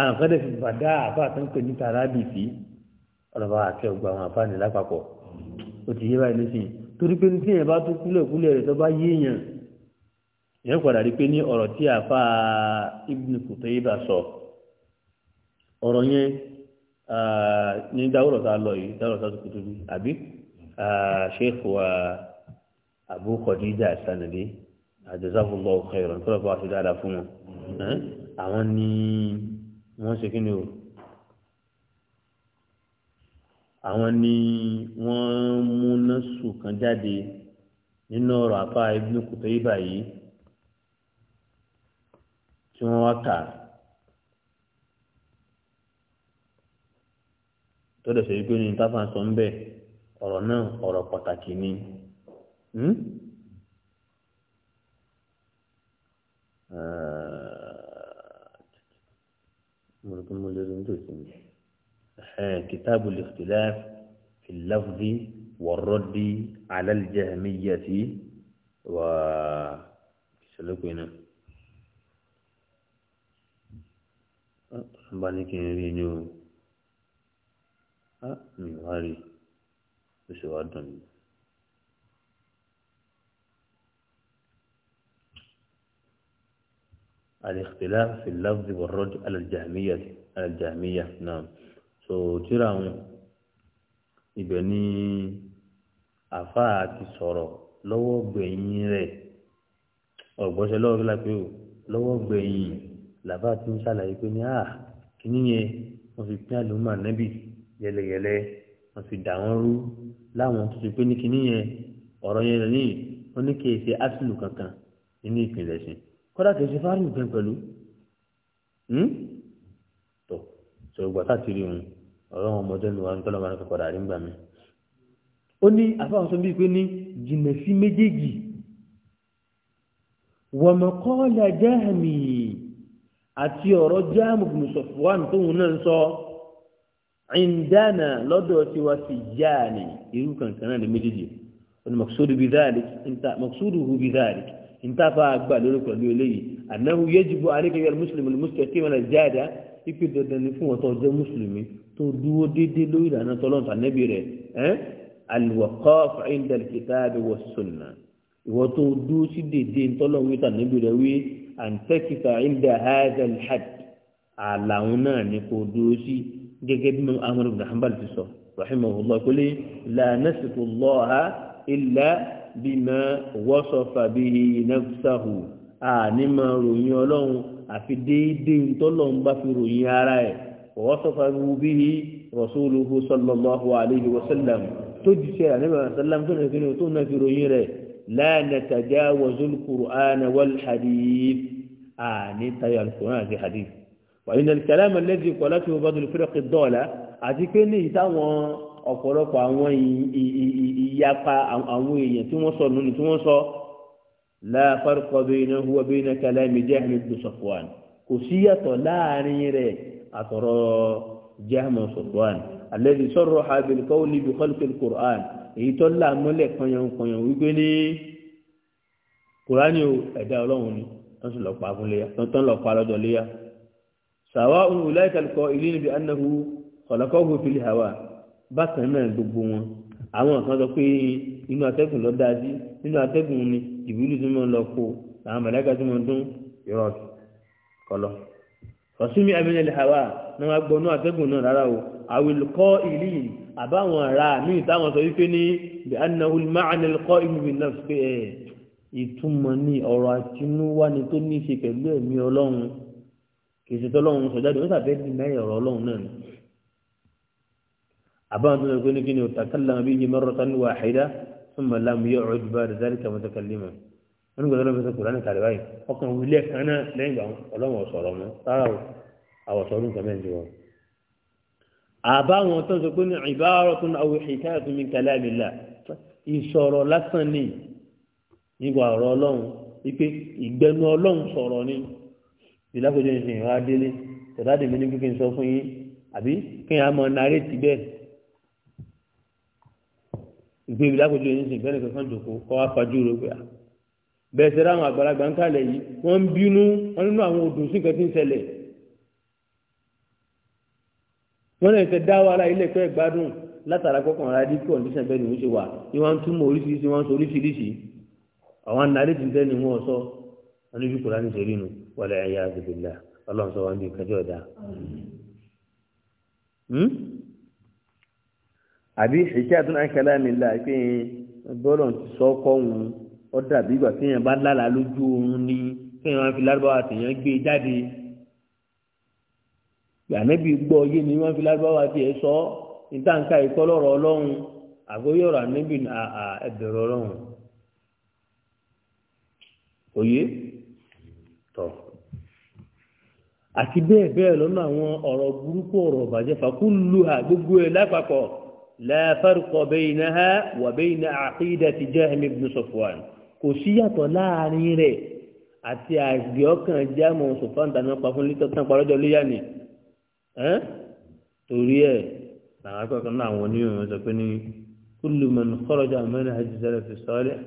Speaker 1: àwọn kan lè fi bàdá àfa àtúnkò ní tàràbì sí ọlọ́ba àti ọgbà àwọn àfa nílápapọ̀ ó ti yé báyìí nísìnyí torí pé ní tíyẹn bá tún kúlẹ̀kúlẹ̀ rẹ̀ tó bá yéèyàn ìyẹn padà rí pé ní ọ̀rọ̀ tí àfa ibùdó kò tó yé bá sọ ọ̀rọ̀ yẹn ní dáwọ́rọ̀ tá a lọ yìí dáwọ́rọ̀ tá a tó kò tóbi àbí ṣéèkù àbúkọ̀díjà sanadi àjọsáfùlọ́ ọ̀kẹ́ ìrọ̀lẹ́ tó lọ́ fún dáadáa fún wọn àwọn ni wọ́n ṣe kí ni o. àwọn ni wọ́n mú násù kan jáde nínú ọ̀rọ̀ àpá ibùdó kòtò ibà yìí tí wọ́n wá kà tó dẹ̀ sọ wípé ní táfà sọ ń bẹ̀ ọ̀rọ̀ náà ọ̀rọ̀ pàtàkì ni. Hmm? mo rò pé mo lè rí nítorí sí mi. آه، كتاب الاختلاف في اللفظ والرد على الجهمية و سلكنا آه، بالك رينيو ها آه، ميواري بس وادن الاختلاف في اللفظ والرد على الجهمية على الجهمية نعم so tíra wọn ibẹ̀ ni àfáà ti sọ̀rọ̀ lọ́wọ́ gbẹ̀yìn rẹ̀ ọ̀gbọ́sẹ̀ lọ́wọ́ fi lápẹ́ o lọ́wọ́ gbẹ̀yìn làbá ti ń ṣàlàyé pé ní à ah, kíní yẹn wọ́n fi pín àlùmọ́ ànábì yẹlẹyẹlẹ wọ́n fi dà wọ́n rú láwọn tó ti pé ní kíní yẹn ọ̀rọ̀ yẹn ní wọ́n ní kí èsì asìlù kankan nínú ìpìlẹ̀ sí kọ́dà kì ṣe fáwọn ìgbẹ́ pẹ̀lú hmm? tó ṣògbà tá ti rí òun ọlọ́run ọmọdé ni wọn tọ́lọ́ máa ń kọ́kọ́ dàrí ńgbà mi. ó ní àfáwọn sọ bíi pé ní jìnnà sí méjèèjì wọ̀mọ̀kọ́lá jáàmì àti ọ̀rọ̀ jáàmù bùnùsọ̀fọ̀wán tóun náà ń sọ ìndánà lọ́dọ̀ tí wá sí jáàní irú kankan náà ní méjèèjì ó ní mọ̀kúsúdù hu bí dáàrí ìntàfà àgbà lórí pẹ̀lú eléyìí ànáhu yẹ́jìbọ̀ àríkẹ́yẹ mùsùlùmí mùsùlùmí ipe dandan ni fún wọn tó jẹ́ mùsùlùmí tó dúró déédéé lórí ìlànà tọ́lọ́ǹtà nẹ́bí rẹ̀ ẹ́ àlùwọ̀kọ́ fàáyíndàlì kìtà àbẹ̀wò sùnà ìwọ́ tó dúró sí déédéé tọ́lọ́ǹtà nẹ́bí rẹ̀ wí àǹtẹ́kìtà ìndà hàdàlì hàd àlàun náà ni kò dúró sí gẹ́gẹ́ bí ahmed ibn hanbal ti sọ rahimahulah kò lè lànàṣìkò lọ́ha ilà bímọ wọ́sọ̀fà bíi nàfṣàhù àní máa ròyìn ọlọ́run àfi déédéé ntọ́lọ̀ ń bá fi ròyìn ara ẹ̀ wọ́sọ̀fà rúbí rọ̀ṣọ́lùhù sọlọ́lọ́hu àlejò wọ́sálàm tó di ṣe àníbà sálàm tó nàá kíni tó nàá fi ròyìn rẹ̀ láàánà tàjá wọ́zọ́l kùrán wọ́l hadith àní tayà kùrán àti hadith. wàyí nà kàlámà lẹ́dí ọ̀pọ̀lọpọ̀ àwọn ìyapa àwọn èèyàn tí wọ́n sọ nù láàfárí kọ́bí iná huwa bí iná kàlámì jẹ́hàmì bí sọ̀fọ́n kò sí yàtọ̀ láàrin rẹ̀ àtọ̀rọ̀ jẹ́hàmì sọ̀fọ́n alẹ́bí sọ̀rọ̀ habil kọ́wọ́lì bí kọ́lùkìlì kùrán èyí tó là mọ́lẹ̀ kọ̀yànkọ̀yàn wípé ní kùránì ẹ̀dá ọlọ́run ni wọ́n sì lọ pa fúnléyà tán lọ pa lọ́dọ̀ léyà sàwa òun ìláìka kọ ìlú níbi anahu kọ̀lọ́kọ́hù fìlì hàwà bákan náà kan sọ pé inú atẹ́gùn lọ́ dáa sí inú ni jìbìlì tó mọ̀ lọ kó làwọn mọ̀lẹ́kà tó mọ̀ dún irọ́ kọlọ. rọ̀súnmi abinali hawa ni wọ́n gbọ́ ní àtẹ́gùn náà rárá o àwìl kọ́ ìlú àbáwọn ará mi táwọn sọ wípé ní bí anahul ma'anil kọ́ ìlú bí náà fi ẹ̀ ìtumọ̀ ní ọ̀rọ̀ àtinúwá ni tó ní í ṣe pẹ̀lú ẹ̀mí ọlọ́run kì í ṣe tọ́lọ́run sọ̀jáde ó sàfẹ́ dì náà ọ̀rọ̀ ọlọ́run náà ni àbáwọn tó sọ pé ní kí ni òtàkàlà bíi mẹ́rọ̀tánú wà àìdá ثم لم يعد بعد ذلك متكلما wọn ní gbọdọ fẹsẹ kúránì kàlẹ báyìí ọkàn wílẹ kan náà lẹyìn ìgbà ọlọrun ọsọrọ mọ sára o àwọsọ ọdún kan mẹrin ti wọn. àbáwọn tó ń sọ pé ní ìbáwọ tó ń awọ ìṣèkáyà tó mi kàlẹ àmìlà ìṣòro lásán ni nígbà ọrọ ọlọrun wípé ìgbẹnu ọlọrun sọrọ ni ìlàkójọ ìṣèyàn adélé tẹ̀dáde mi ní kíkẹ́ ń sọ fún yín àbí kí n á mọ narétì bẹ́ẹ̀ ìgbé ibi lápòjú yìí sìn fẹ́ni kankan jòkó kọ́ wá fajú rẹ̀ pé bẹ́ẹ̀ sẹ́rẹ́ àwọn àgbàlagbà ń kálẹ̀ yìí wọ́n ń bínú wọn nínú àwọn odò sí tí ń ṣẹlẹ̀ wọ́n lè fẹ́ dá wàhálà ilé ẹ̀kọ́ ẹ̀gbádùn látara kọ́kàn ara bẹ́ẹ̀ ni wọ́n ṣe wà ni wọ́n ni wọ́n sọ ní àbí ìṣèjáde náà kẹlẹ́ mi là pé bọ́lọ̀ ti sọ ọkọ òun ó dàbí ìgbà téèyàn bá lára lójú oorun ni téèyàn máa fi lárúbáwá tèèyàn gbé e jáde gbànẹ́bí gbọ́ yé ni wọ́n fi lárúbáwá tiẹ̀ sọ ìtànká ìkọlọ́rọ̀ ọlọ́run àgóyọ̀rọ̀ ànẹ́bí ẹ̀bẹ̀rẹ̀ ọlọ́run òye tọ̀ àti bẹ́ẹ̀ bẹ́ẹ̀ lọ́nà àwọn ọ̀rọ̀ burúkú ọ̀rọ̀ bàjẹ́ fàkúlù gbogbo ẹ̀ lápapọ̀. لا فرق بينها وبين عقيدة جهم بن صفوان كوشية لاني ري أتي أجيوكا جامو صفوان تنو قفون لتتن قرجو لياني ها توريه نعاكو كنا ونيو مزقني كل من خرج منهج السلف الصالح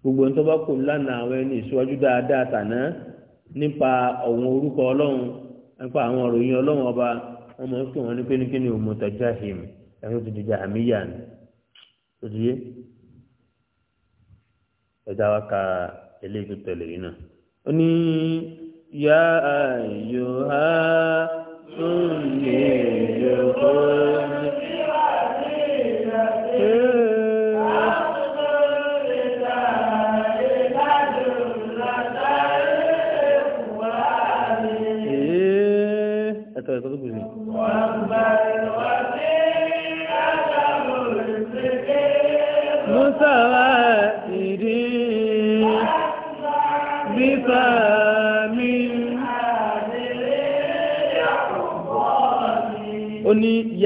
Speaker 1: gbogbo ń tọ́ba kò lánàá àwọn ẹni ìṣíwájú dáadáa tàná nípa ọ̀wọ́n orúkọ ọlọ́run nípa àwọn òròyìn ọlọ́run ọba wọ́n máa ń pè wọ́n ní pé ní kí ẹni tó ti jàmíyà ni tó ti yé ẹ̀dá wa ka eléyìí tó tẹ̀lé yìí náà. ó ní yá ayò ha tó
Speaker 2: lè lè kó.
Speaker 1: Wọ́n bá ẹ̀rọ wá
Speaker 2: sí. سوائر بفام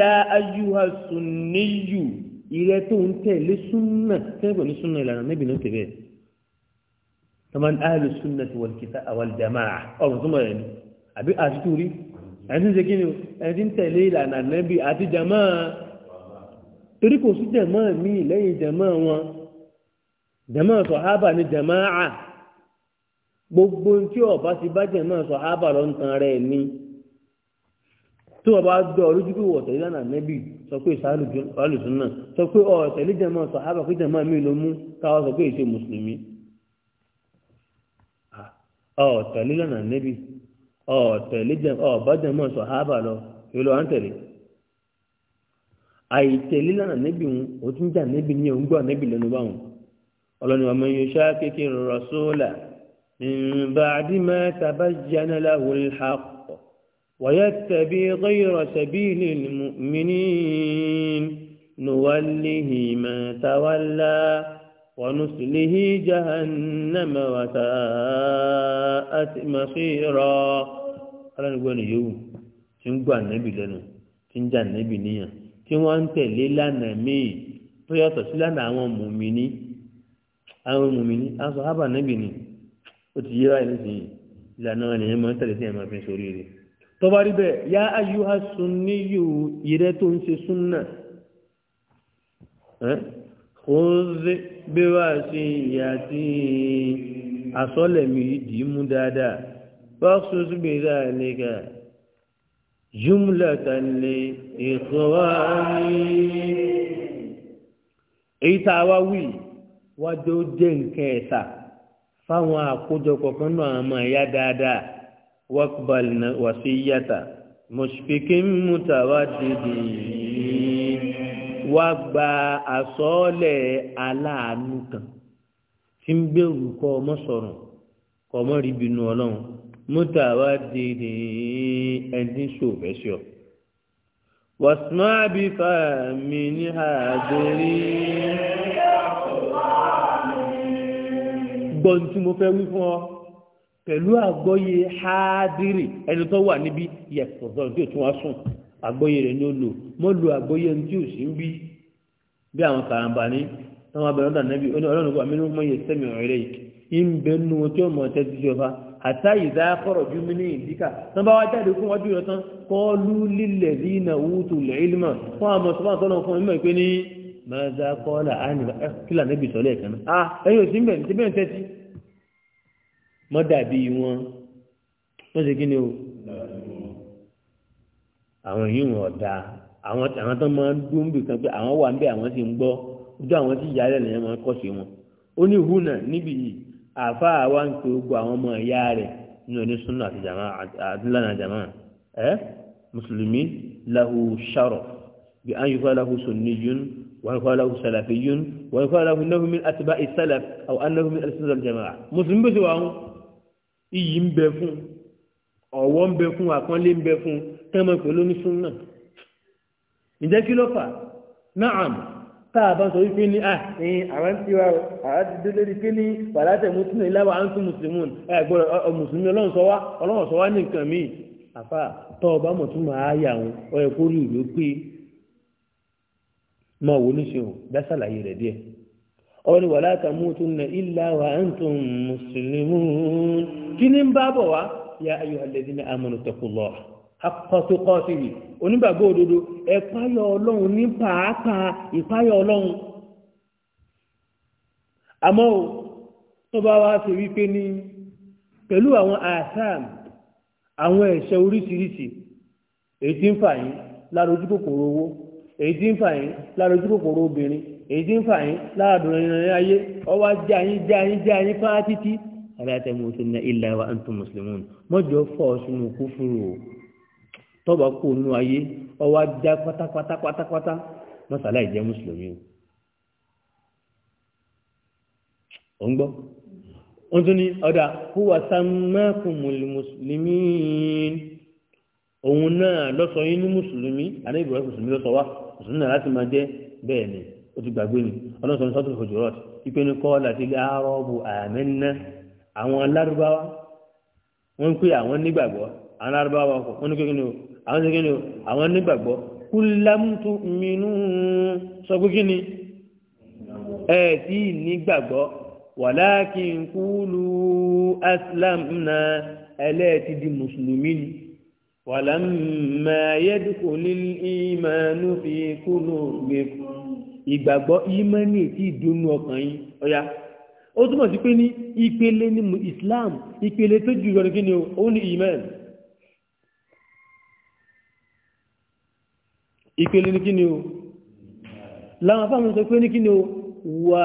Speaker 1: يا أيها السني إلى تونت لسنة تبغى لسنة لنا نبي نكتب تمام أهل السنة والكتاب والجماعة أو ثم يعني أبي أشتوري عندنا زي كده عندنا تلي لنا النبي أتي جماعة torí kò sí jẹ̀mọ́ mi lẹ́yìn jẹ̀mọ́ wọn jẹ̀mọ́ ni jẹ̀mọ́ gbogbo tí ọba ti bá jẹ̀mọ́ lọ ń tan rẹ̀ ni tí ọba dọ̀ lójú pé wọ̀ tẹ̀lé lánàá nẹ́bì sọ pé ìsàlùsùn náà sọ pé ọ̀ tẹ̀lé jẹ̀mọ́ pé jẹ̀mọ́ mi ló mú káwọ́ sọ pé èsè mùsùlùmí ọ̀ tẹ̀lé lánàá lọ à àìtẹ̀lé lánàá níbi òun ó ti ń jà níbi ní òun gbọ́ níbi lẹ́nu bá wọn ọlọ́ni ọmọ yìí ṣá kékeré rọ sóòlà ìbàdí mẹ́ta bá jẹ́nà láwùrí àpọ̀ wọ́yẹ́ tẹ̀bí rírọ̀ tẹ̀bí ìlú mímí nùwálìhì mẹ́ta wọnùsùlìhì jahannama wàtà àti ọlọ́ni gbọ́dọ̀ yòówù tí ń gbọ́ lẹ́nu tí jà ànábì níyàn tí wọ́n ń tẹ̀lé lánà míì tó yàtọ̀ sí lánà àwọn mùmíní àwọn mùmíní aṣọ ábà níbi ni ó ti yíra ẹ̀ nísìnyí ìlànà wọn nìyẹn máa ń tẹ̀lé sí ẹ̀ máa fi sórí rẹ̀ tọ́ba rí bẹ́ẹ̀ yá ayú ha sùn ní tó ń ṣe sún náà kò bí wá sí ìyá tí àsọ́lẹ̀mí dì mú dáadáa bọ́ọ̀sù síbi ìdá ẹ̀ جملة لإخواني èyí tá a wá wí wájú ó jẹ́ nǹkan ẹ̀sà fáwọn àkójọpọ̀ kan náà àmọ́ ẹ̀yà dáadáa wọ́kbal wà sí yàtà mọ̀ṣífìkì ń mú tàwa dìde wá gba àsọ́ọ̀lẹ̀ aláàánú kan tí ń gbèrú kọ́ ọmọ sọ̀rọ̀ kọ́ ọmọ rí bínú ọlọ́run mútàwá dìde ẹni ṣòfẹ́ṣọ́ wàsùnmá bí fàmì ní àgbèrè gbọ́n tí mo fẹ́ wí fún ọ pẹ̀lú àgbọ́yé hádìrì ẹni tó wà níbi yẹ̀sọ̀tọ̀ tí ò tún wá sùn àgbọ́yé rẹ̀ ní ó lò mọ́ lo àgbọ́yé ẹni tí ò sí ń bí bí àwọn kàràǹbà ní wọn abẹ̀rẹ̀ ọ̀dà nẹ́bí ọlọ́run kò àmì ní wọ́n mọ̀ yẹ sẹ́mi ọ̀rẹ́ yìí ń bẹ́ẹ̀ nínú wọn tí ó mọ̀ ọ́ tẹ́tí sí ọba àtà ìdá kọ̀rọ̀jú mi ní ìdíkà tó bá wá jáde fún wájú ìrọ̀tán kọlu lílẹ̀ rí iná wútu lẹ́ìlmọ̀ fún àmọ̀ tó bá ń tọ́lọ̀ fún ìmọ̀ ìpé ní mẹ́ta kọ́lá eh, kílà níbi ìsọ̀lẹ̀ ẹ̀kan náà ah, ẹ̀yìn òsì ń bẹ̀rẹ̀ tí bẹ́ẹ̀ ń tẹ́tí mọ́ dàbí wọn wọ́n ṣe kí ni o àwọn yìí wọn ọ̀dà àwọn tó máa ń dún bì kan pé àwọn wà ń bẹ àwọn sì ń gbọ́ àfa àwa ń pe ogun àwọn ọmọ ìyá rẹ̀ ní onísùnà àti jàmá àdúlànà jàmá ẹ́ mùsùlùmí lahu sharọ̀ bí an yìí kọ́ lahu sunniyun wọ́n kọ́ lahu salafiyun wọ́n kọ́ lahu nahumin atiba isalaf àwọn anahumin alisalaf jàmá mùsùlùmí bó ti wà ń iyì ń bẹ fún ọ̀wọ́ ń bẹ fún àpọ́nlé ń bẹ fún tẹ́mọ̀ pẹ̀lú onísùnà ǹjẹ́ kí ló fà náà táàbá sọ wípé ní ààrin àwọn tí wá àádìdó lórí pé ní pàdátẹ̀ mùsùlùmí ìlàwà àǹtí mùsùlùmí ẹgbọ́n mùsùlùmí ọlọ́run sọ wá ọlọ́run sọ wá ní nǹkan míì àfà tọ́ ọba mọ̀ tún máa yà wọn ọyọ kó rí ìlú pé máa wò ní ṣeun dásàlàyé rẹ̀ díẹ̀ ọ ni wàlá akọ̀tùkọ̀tìrì onígbàgbọ́ òdodo ẹ̀páyọ̀ ọlọ́run ní pàápàá ìpáyọ̀ ọlọ́run àmọ́ ò tó bá wá sí wípé ní pẹ̀lú àwọn àṣàm àwọn ẹ̀ṣẹ̀ oríṣiríṣi èyí tí ń fà yín lárojú kòkòrò owó èyí tí ń fà yín lárojú kòkòrò obìnrin èyí ń fà láàdùn ìrìn ayé ọwá jẹ́ ayín jẹ́ ayín jẹ́ ayín fáá títí alátẹ̀mùsùn ilẹ̀ wa ń tún mùsùlùmí mọ́jọ́ fọ́ sínú kúfúrú o tọ́ba kó nu ayé ọwọ́ ajá pátápátá pátápátá mọ́sálá ìjẹ́ mùsùlùmí o. ò ń gbọ́ ó tún ní ọ̀dà kúwa sàmákùmùlì mùsùlùmí òun náà lọ́sọ yín ní mùsùlùmí àdébìrọ̀ mùsùlùmí lọ́sọ wa mùsùlùmí náà láti máa jẹ́ bẹ́ẹ̀ ni ó ti gbàgbé ni ọlọ́sọ̀ ní sọ́tò ìfòjòrọ́t ìpè ní kọ́ láti lé àárọ̀bù àmẹ́nà àwọn alárúbáwá wọ́n ń pè àwọn nígbàgbọ́ àwọn alárúbáwá kò wọ́n ní kékeré o àwọn ṣe kíni o àwọn nígbàgbọ́ kúlámùtù mínú sọ pé kíni ẹ tí nígbàgbọ́ wàlákin kúlù aslam na ẹlẹ́ẹ̀tì di mùsùlùmí ni wàlámà yẹ́dùkú lílì ìmánú fi kúlù gbé ìgbàgbọ́ ìmánì tí ìdúnú ọkàn yín ọ̀yá ó túmọ̀ sí pé ní ìpele ní islam ìpele tó jù lọ ní kíni o ó ní ìmánì. ìpele ní kíni o láwọn afáàmù sọ pé ní kíni o wà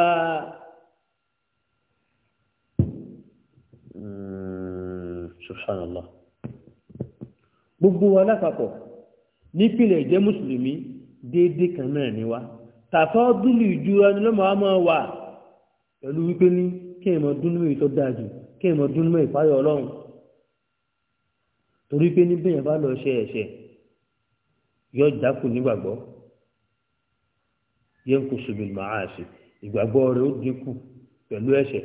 Speaker 1: hmm, subhanallah gbogbo wa lápapọ̀ nípìnlẹ̀ ìjẹ́ mùsùlùmí déédé kan náà ni wa tàfọ́ dúlù ìjúra ni lọ́mọ wa máa wà pẹ̀lú wípé ní kí ẹ̀mọ dúnú èyí tó dáa jù ọlọ́run torí pé ní bá lọ ṣe ẹ̀ṣẹ̀ yọ dákú nígbàgbọ́ yẹn kò sùn bìlì màá ṣe ìgbàgbọ́ rẹ̀ ó dínkù pẹ̀lú ẹ̀ṣẹ̀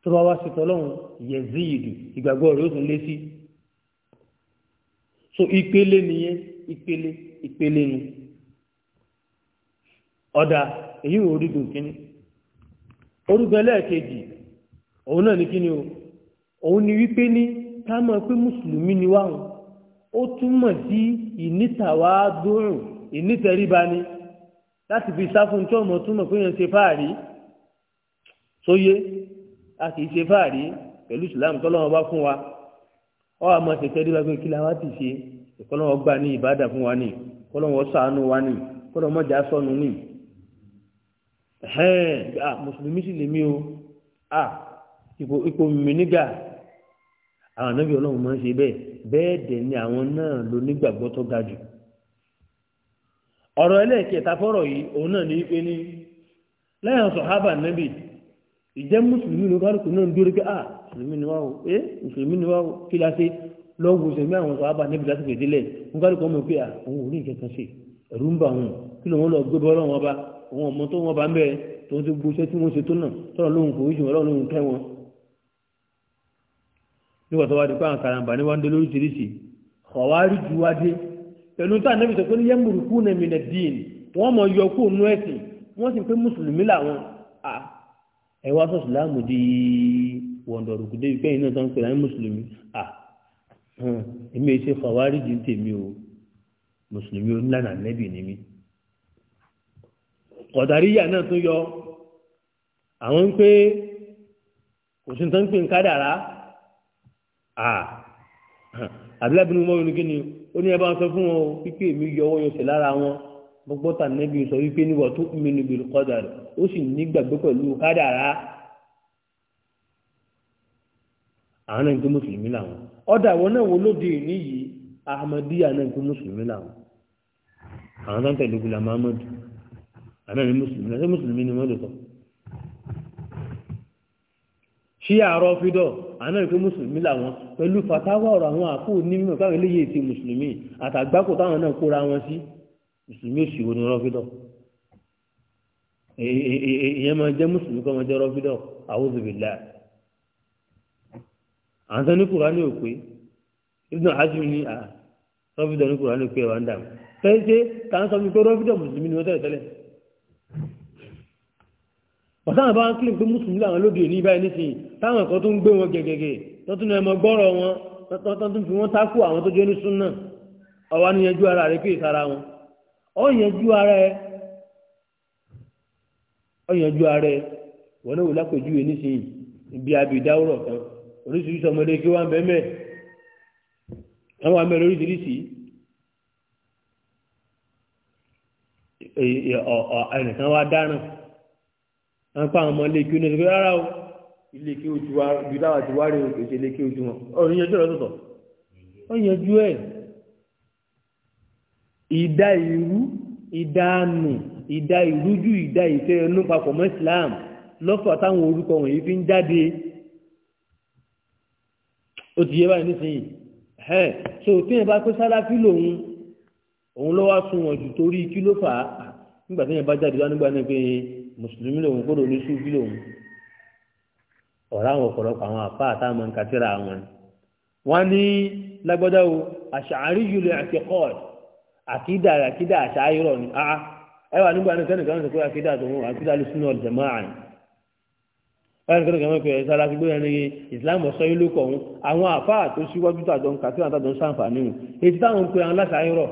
Speaker 1: tó bá wá sí tọ́lọ́hún yẹ zíìdù ìgbàgbọ́ rẹ̀ ó tún lé sí so ìpele nìyẹn ìpele ìpele ni, ọ̀dà èyí ò rí dùn kínní orúkọ ẹlẹ́ẹ̀kejì òun náà ní kínní o òun ni wípé ní ká mọ̀ pé mùsùlùmí ni wáhùn ó túmọ̀ sí ìnítàwá dùn ìnítẹríba ni láti fi sáfún tí ọmọ túmọ̀ pé yẹn ṣe fáàrí sóyé a kì í ṣe fáàrí pẹ̀lú ìsìlámù tọ́lọ́wọ́ bá fún wa ọ àmọ́ ṣètẹ́ríba pé kí la wá ti ṣe ìkọlọ́wọ́ gbà ní ìbádà fún wa ní kọlọ́wọ́ sàánú wa ní kọlọ́wọ́ mọ́jà sọnù ní ẹ̀hẹ́n mùsùlùmí sì lèmi o ipò mímí nígà àwọn ànábì ọlọ́run máa ń ṣe bẹ́ẹ̀ bẹ́ẹ̀ dẹ̀ ni àwọn náà ló nígbàgbọ́ tó ga jù ọ̀rọ̀ ẹlẹ́ẹ̀kẹta fọ́rọ̀ yìí òun náà ní pé ní lẹ́yìn sọ̀hábà nábì ìjẹ́ mùsùlùmí ló kárùkù náà ń dúró pé à ah, mùsùlùmí ni wá o ẹ eh, mùsùlùmí ni wá o kí la ṣe lọ́wọ́ sẹ̀mí àwọn sọ̀hábà nábì lásìkò ìdílé ń kárùkù ọmọ pé à ah, òun ò ní ìkẹkàn ṣe ẹ̀rú ń bà wọn kí lóun lọ gbé bọ́ọ̀lọ́ wọn bá òun ọmọ tó wọn bá ń bẹ́ẹ̀ tó ń ti gbóṣẹ́ tí wọ́n ṣe tó náà tọ́lọ́ lóhun kò nígbà tó wá di pé àwọn karambà ní wọ́n dé lóríṣiríṣi kọ̀wárí ju wá dé pẹ̀lú tá ànábì sọ pé ní yẹ́mùrù kú ní ẹ̀mí nàdín wọ́n mọ̀ yọ kú nú ẹ̀sìn wọ́n sì pé mùsùlùmí làwọn à ẹ wá di wọ̀ndọ̀rùkú débi pé iná tán pèrè mùsùlùmí à èmi ṣe kọ̀wárí ju tèmi o mùsùlùmí onílànà ànábì ni mí kọ̀dàríyà náà tún yọ àwọn ń pé kò sí tán pè ń kádàrá àbílẹ̀ bínú mọ́ yóò kíni ó ní ẹbá sọ fún wọn wípé èmi yọwọ́ yọsẹ̀ lára wọn gbogbo tànẹ́bí sọ wípé níwọ̀ tó mímu bèrè kọ́dà rẹ̀ ó sì nígbàgbé pẹ̀lú kádàrá àwọn náà ń gbé mùsùlùmí làwọn ọ̀dà àwọn náà wo lóde ìní yìí ahmadiyya náà ń gbé mùsùlùmí làwọn àwọn tó ń tẹ̀lé gula mahamadu àwọn náà ní mùsùlùmí náà ṣé mùsùlùmí ni wọ́n lè sọ̀rọ̀ ṣí àárọ̀ fídọ̀ àná ìpé mùsùlùmí làwọn pẹ̀lú fatawa ọ̀rọ̀ àwọn àpò onímọ̀ káwọn eléyìí ti mùsùlùmí àtàgbákò táwọn náà kóra wọn sí mùsùlùmí òsì wo ni rọ́fídọ̀ ìyẹn máa jẹ́ mùsùlùmí kọ́ máa jẹ́ rọ́fídọ̀ àwòzùbìlà àǹtọ́ ní kùránì òpé ibùdó àjùmí ni rọ́fídọ̀ ní kùránì òpé ẹ̀wà ń dà fẹ́ẹ́ ṣe táwọn sọ mi pé rọ́fídọ̀ mùsùlùmí ni wọ́n tẹ̀lé tẹ́lẹ̀ bàtàwọn bá ń kílìm pé mùsùlùmí làwọn lóde òní báyìí nísìnyí táwọn kan tó ń gbé wọn gẹ̀gẹ̀gẹ̀ tọ́tún ẹmọ gbọ́rọ̀ wọn tọ́tún fi wọ́n tákù àwọn tó jẹ́ ní súnà ọwọ́ ni yẹjú ara rẹ̀ kéè sára wọn ọ yẹjú ara ẹ ọ yẹjú ara ẹ wọn náà wò lápèjúwe nísìnyí ibi abìdáwòrọ̀ kan oríṣiríṣi ọmọdé kí wọ́n bẹ́ẹ̀ àwọn ẹnìkan wá dáràn àpá àwọn ọmọ ilé kí ní ọdún rárá o ilé kí ojú wa ju dáwà ti wá rí o kèsè ilé kí ojú wọn ọ̀run yẹn jọ̀rọ̀ tọ̀tọ̀ wọ́n yanjú ẹ̀ ìdá ìrú ìdá ànù ìdá ìrújú ìdá ìfẹ́ ẹnu papọ̀ mọ́ islam lọ́fọ̀ táwọn orúkọ wọ̀nyí fi ń jáde ó ti yé báyìí nísìnyí ẹ̀ so tí yẹn bá pé sáláfí lòun òun lọ́wọ́ sun ọ̀jù torí kí ló fà á nígbà tí mùsùlùmí lòun kó lòun ní ṣúfì lòun ọ̀rọ̀ àwọn ọ̀pọ̀lọpọ̀ àwọn àpá àtàwọn kàtíra wọn wọn ní lágbọ́dá o àṣàárí yulẹ̀ àti kọ́ọ̀d àkídà àkídà ni a ẹ wà nígbà náà kẹ́nìkan sọ pé àkídà àtọ̀hún àkídà ló sínú ọ̀dẹ̀ ní yìí ló kọ̀ àwọn tàdán tàdán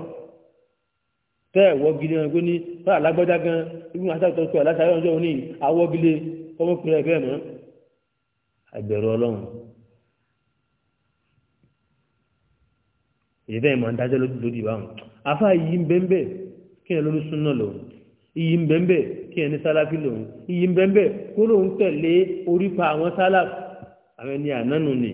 Speaker 1: tẹ́ ẹ̀wọ́ gidi ẹ̀rọ ní fún alágbọ́já gan ibi wọn aṣáájú tó aláṣáájú ọjọ́ òní awọ́ gidi ọmọkùnrin ẹ̀fẹ́ mọ́ àgbẹ̀rù ọlọ́run ìyẹ́fẹ́ ìmọ̀ ń dájọ́ lódì báwọn afá yìí ń bẹ́ńbẹ́ kí ẹ lórí súnà lòun iyì ń bẹ́ńbẹ́ kí ẹ ní sálàfí lòun iyì ń bẹ́ńbẹ́ kó lóun tẹ̀lé orípa àwọn sálàfí àwọn ẹni ànánu ni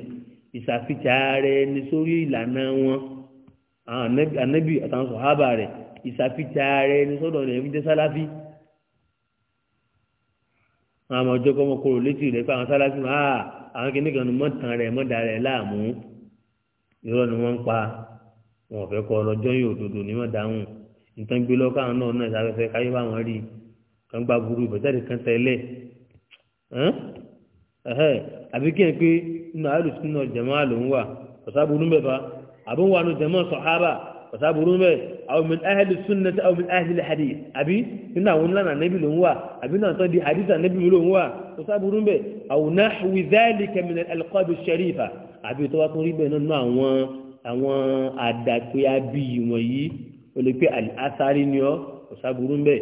Speaker 1: ìsàfihàn ìsàfihàn ààrẹ ẹni sọ́dọ̀ rẹ̀ ń jẹ́ sáláfí àwọn ọmọ ọjọ́ kọ́mọ kóró létí rẹ̀ pé àwọn sáláfí wọn àà ah, àwọn kìnnìkan ni mọ́tàn rẹ̀ mọ́dà rẹ̀ láàmú irọ́ ni wọ́n ń pa wọn ò fẹ́ kọ́ ọlọ́jọ́ yìí òdodo ní wọ́n dáhùn nǹkan gbé lọ́kọ́ àwọn náà náà ìsàfẹ́fẹ́ káyọ́ bá wọn rí kan gba burú ìbẹ̀jáde kan tẹ́lẹ̀ àbí kí n pé nínú àlùsùn náà jẹ̀mọ́ àlòún wà ọ̀sá burú mẹ́fà àbúwà nù jẹ̀mọ́ sọ̀hábà وسابرونه أو من أهل السنة أو من أهل الحديث أبي إن أقول لنا النبي لهوا أبي نعطي حديث النبي لهوا وسابرونه أو نحو ذلك من الألقاب الشريفة أبي تواطري بيننا نعم. أو أو أدق يا أبي مي ولقي الأثارين يا وسابرونه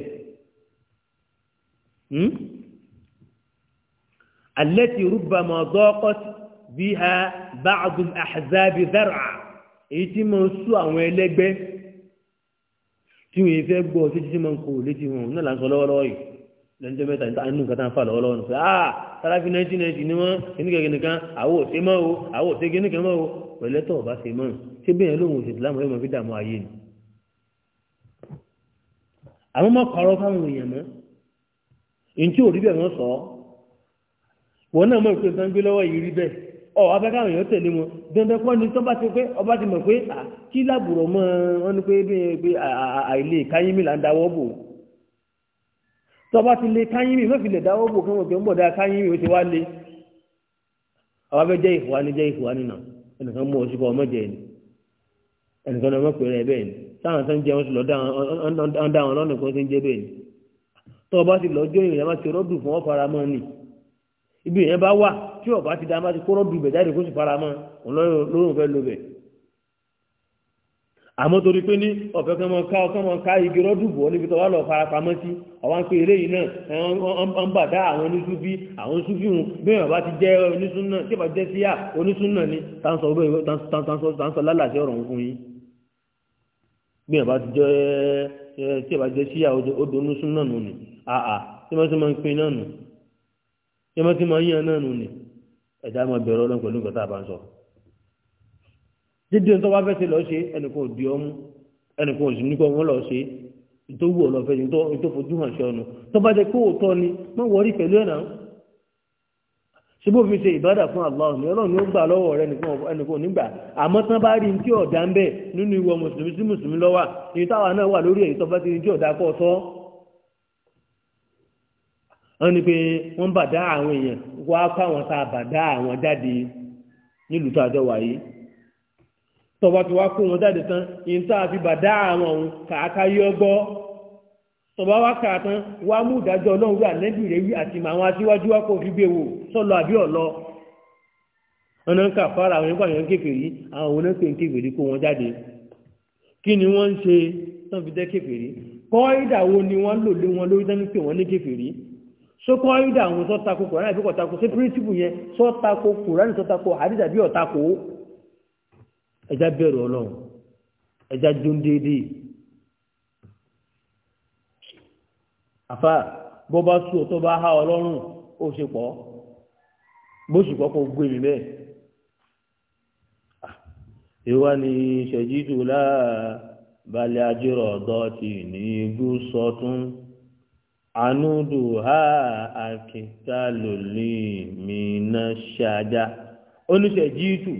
Speaker 1: التي ربما ضاقت بها بعض الأحزاب ذرعاً èyí tí mo ń sú àwọn ẹlẹ́gbẹ́ tí wọ́n fẹ́ gbọ́ sí títí mo ń kó létí wọn náà là ń sọ lọ́wọ́lọ́wọ́ yìí lẹ́njẹ́ mẹ́ta níta inú nǹkan tá à ń fà lọ́wọ́lọ́wọ́ nù pé ah sáráfí nineteen ninety ni wọ́n kíníkẹ́ nìkan àwọ̀ òsè mọ́ o àwọ̀ òsè kíníkẹ́ mọ́ o pẹ̀lẹ́tọ̀ ọ̀bá ṣe mọ́ ṣé bẹ́ẹ̀ lóhùn òsè ìsìlámù ẹ̀ mọ́ fi dààmú ayé ni. àwọn ọmọ kọ̀ọ̀rọ̀ fáwọn èèyàn mọ́ èyí tí ò rí bẹ́ẹ̀ wọ́n sọ ọ́ wọn náà mọ̀ pé nǹkan gbé lọ́wọ́ yìí rí bẹ́ẹ̀ ọ̀ abẹ́káwọn èèyàn tẹ̀lé wọn dandan kọ́ ni tó bá ti pé ọba ti mọ̀ pé kí lábùrọ̀ mọ́ wọn ni pé bí àìlè káyín mi là ń dáwọ́ bò tọba ti lè káyín mi mọ́fì lè dáwọ́ bò káwọn òkè ń bọ̀ dá káyín mi ó ti wá lé àwọn abẹ́ jẹ́ ìfọ̀wá ni jẹ́ ìfọ̀wá nínà ẹnìkan mú oṣù kọ́ ọmọ jẹ ni ẹnìkan ọmọ pè rẹ bẹ́ẹ̀ ni táwọn tó ń jẹun sí lọ dá wọn lọ́nà kan tó ń jẹ bẹ́ẹ̀ ni tọba ti lọ jó ibi yẹn bá wà tí ọba ti dá máa ti kóró du ibẹ̀ jáde kó sì fara mọ́ lórí òun fẹ́ lo bẹ̀. àmọ́ torí pé ní ọ̀fẹ́ kan mọ ká ọkàn mọ ká igi rọ́dùbù ọ níbi tó wà lọ fara pamọ́ sí ọ̀wá ń pe eléyìí náà ń bà dá àwọn oníṣúfí àwọn oníṣúfí hùn bí wọn ti jẹ́ oníṣún náà tí wọn bá jẹ́ síyà oníṣún náà ni táǹsọ̀ lálàsí ọ̀rọ̀ fún yín bí wọn bá ti jẹ́ tí wọn bá jẹ́ síyà odò oníṣún náà nù ní àà tí wọn ti máa ń pin náà nù yẹmọ tí mo yíyan náà nù ni ẹ̀dá máa bẹ̀rẹ̀ ọlọ́run pẹ̀lú nǹkan tá a bá ń sọ. dídí ọ̀tọ́ wá fẹ́ ṣe lọ ṣe ẹnìkan ò di ọmú ẹnìkan ò sì ní kọ́ wọn lọ ṣe tó wù ọ̀lọ́fẹ́ ni tó fojú hàn ṣe ọ̀nà tó bá jẹ kó òótọ́ ni má wọrí pẹ̀lú ẹ̀nà síbò fi ṣe ìbádà fún aláwọ̀ ni ọlọ́run ni ó gbà lọ́wọ́ rẹ ẹnìkan ò nígbà àmọ́ tán bá rí tí ọ̀dà ń bẹ̀ nínú ìwọ mùsùlùmí sí mùsùlùmí lọ́wà èyí táwa náà wà lórí èyí tó bá ti rí tí ọ̀dà kọ́ ọ̀tọ́ wọ́n ní pé wọ́n bà dá àwọn èèyàn wá kó àwọn tá a bà dá àwọn jáde nílùú tó àjọ wáyé tọba tí wá kó wọn jáde tán yìí tá a fi bà dá àwọn òun kàáká yọ gbọ́ tọba wá kà á tán wá mú ìdájọ́ ọlọ́run wí àlẹ́bí rẹ̀ wí àti màwọn aṣíwájú wá kó fi gbé wò sọ́lọ àbí ọ̀lọ́ ọ̀nà ń kà fara àwọn ẹgbẹ́ àwọn kékeré àwọn òun náà pè ń kékeré kó wọn jáde kí ni wọ́n ń ṣe tán fi jẹ́ kékeré kọ́ ìdàwó ni wọ́n lò lé wọn lórí dání pé wọ́n ní kékeré sókọ́ ayúdà àwọn tó tako kòrán àbíkọ̀ tako sí píríncípù yẹn sọ tako kòrán tó tako àdídà bí ọ̀tako ẹja bẹ̀rù ọlọ́run ẹja dún déédéé àfa bó bá sùn tó bá há ọlọ́run ó ṣe pọ̀ bó sì pọ̀ kó gbé mi bẹ́ẹ̀ ah, ìwà ni ṣèjì tó láà balẹ̀ ajérò ọ̀dọ́ ti ní gúúsọ tún anudu ha akita lòlì mina ṣáájá oníṣẹ́ jíìtù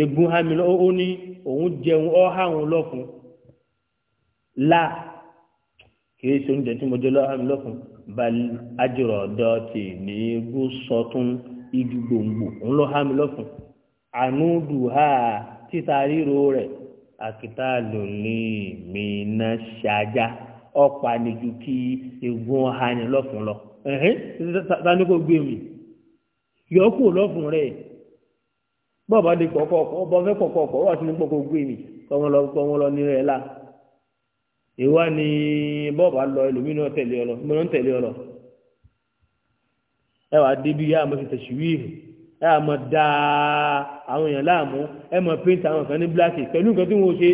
Speaker 1: egun hami lọ ó ní òun jẹun ọ háwọn lọfun la kìí ṣe oúnjẹ tí mo jẹ lọ hámi lọfun bali ajọrọ dọtì ní egun sọtún igi gbòǹgbò òun lọ hámi lọfun ha títa ríro rẹ akita lòlì mina ṣáájá ọ̀pá nìjú kí egun ọ̀hánì lọ́fun lọ tani kò gbé mi yọ kú lọ́fun rẹ̀ bọ́ọ̀bá di kọ̀ọ̀kọ̀ bọ́ọ̀fẹ́ kọ̀ọ̀kọ̀ wà sí ní kọ̀ọ̀kọ̀ gbé mi kọ́wọ́n lọ ní rẹ̀ la ìwá ni bọ́ọ̀bá lọ ẹlòmínú tẹ̀lé ọlọ mìíràn tẹ̀lé ọlọ ẹ wàá débi yá àmọ́ ti tẹ̀síwìrì ẹ àmọ́ dáa àwọn èèyàn láàmú ẹ mọ̀ péńtì àwọn kan ní bíláàkì pẹ̀lú nǹkan tí wọ́n ṣe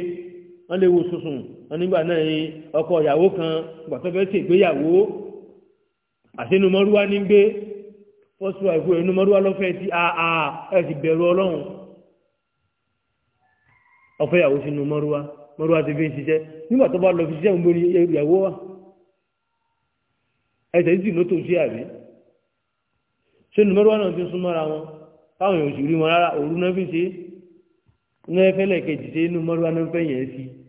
Speaker 1: wọ́n lè wo sunsun wọn nígbà náà ni ọkọ ìyàwó kan gbàtọ́fẹ́ sì gbéyàwó àtinú mọ́rúwá ní gbé fọ́sù àìkú ẹnu mọ́rúwá lọ́fẹ́ tí àà ẹ̀ ti bẹ̀rù ọlọ́run ọ̀fẹ́ ìyàwó sínú mọ́rúwá mọ́rúwá ti fi ń ṣiṣẹ́ nígbà tó bá lọ fi ṣiṣẹ́ ń borí ìyàwó wa ẹ̀sẹ̀ sì ló tó sí àrí sínú mọ́rúwá náà ti sún mọ́ra wọn táwọn èèyàn ò sì rí wọn rárá òru náà fi ṣe náà fẹ́lẹ̀ kejì sí inú mọ́rúwá náà fẹ́yìn ẹ̀ sí i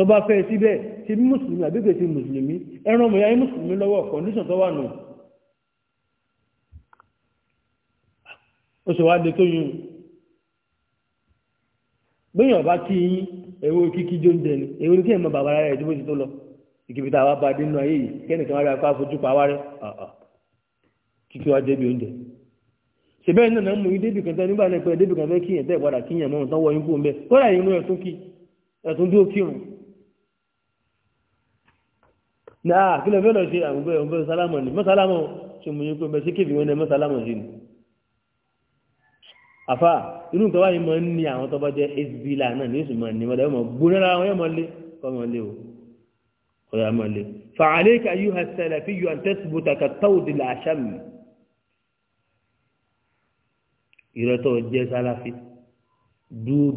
Speaker 1: tó bá fẹ́ síbẹ̀ ti mùsùlùmí àbígbè ti mùsùlùmí ẹran ọmọ ìyá mùsùlùmí lọ́wọ́ kọ̀ndíṣàn tó wà nù ó sì wá de tó yún gbéyàn bá kí yín ẹ̀wọ́ kíkí jó ń jẹ ni ẹ̀wọ́ ní kí ẹ̀mọ bàbá rẹ̀ tó bó tó lọ ìkìbìtà àwa bá dé ayé yìí kẹ́nìkan wá rí akọ́ àfojú pa wá rẹ̀ kíkí wá débi oúnjẹ ṣèbẹ́ náà náà mú yín débì kan tán nígbà náà pé débì kan fẹ́ kíyàn tẹ́ ìpadà kíyàn mọ́ náà kí ló fẹ́ lọ ṣe àgbẹ̀ ah, ọ̀gbẹ́ sálámọ̀ ni mọ́sálámọ̀ ṣe mú yín pé bẹ́ẹ̀ ṣé kébì wọn ní mọ́sálámọ̀ ṣe ni. àfa inú nǹkan wáyé máa ń ní àwọn tó bá jẹ́ hbla náà ní oṣù máa ní wọn lẹ́yìn mọ̀ gbóná ara wọn yẹn mọ̀ lé kọ́ mọ̀ lé o kọ́ yà mọ̀ lé. fàálẹ́ kà yóò ha sẹlẹ̀ fi yóò àtẹ́sibú tàkà táwùdì làṣà mi. ìrẹ́tọ̀ jẹ́ sáláfi dúró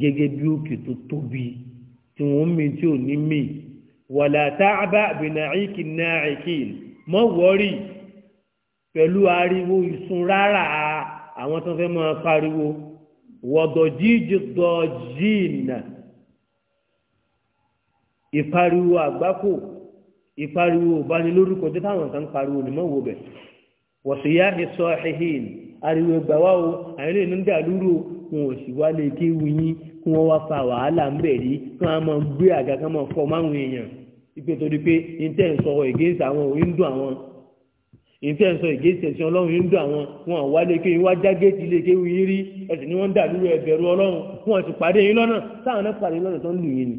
Speaker 1: gẹ́gẹ́ bí òkè tó tóbi tí wọ́n mì tí ò ní mì wàlà táàbà bìnàíkì náàíkì mọ́ wọ́rì pẹ̀lú ariwo ìsun rárá àwọn tó fẹ́ máa pariwo wọ̀dọ̀jíjì dọ̀jìnà ìpariwo àgbákò ìpariwo ìbánilórúkọ jẹ́ táwọn kan pariwo ní mọ́wó bẹ̀ wọ̀síyá ìsọ ẹ̀hìn ariwo ìgbàwá o àìlè ní dàlúrò wọn ò sì wálé kéwu yín kí wọ́n wá fa wàhálà ń bẹ̀ kí wọ́n á máa gbé àga kí fọ́ máwọn èèyàn ìpè torí pé ìtẹ́ ń sọ ìgéǹsì àwọn òun ń dùn àwọn ìtẹ́ ń sọ ìgéǹsì ẹ̀sìn ọlọ́run ń dùn àwọn wọn àwa lè ké wá já géètì lè ké wí rí ẹ̀sìn ni wọ́n ń dàlúrò ẹ̀bẹ̀rù ọlọ́run wọn ti pàdé yín lọ́nà táwọn náà pàdé lọ́nà tó ń lù yín ni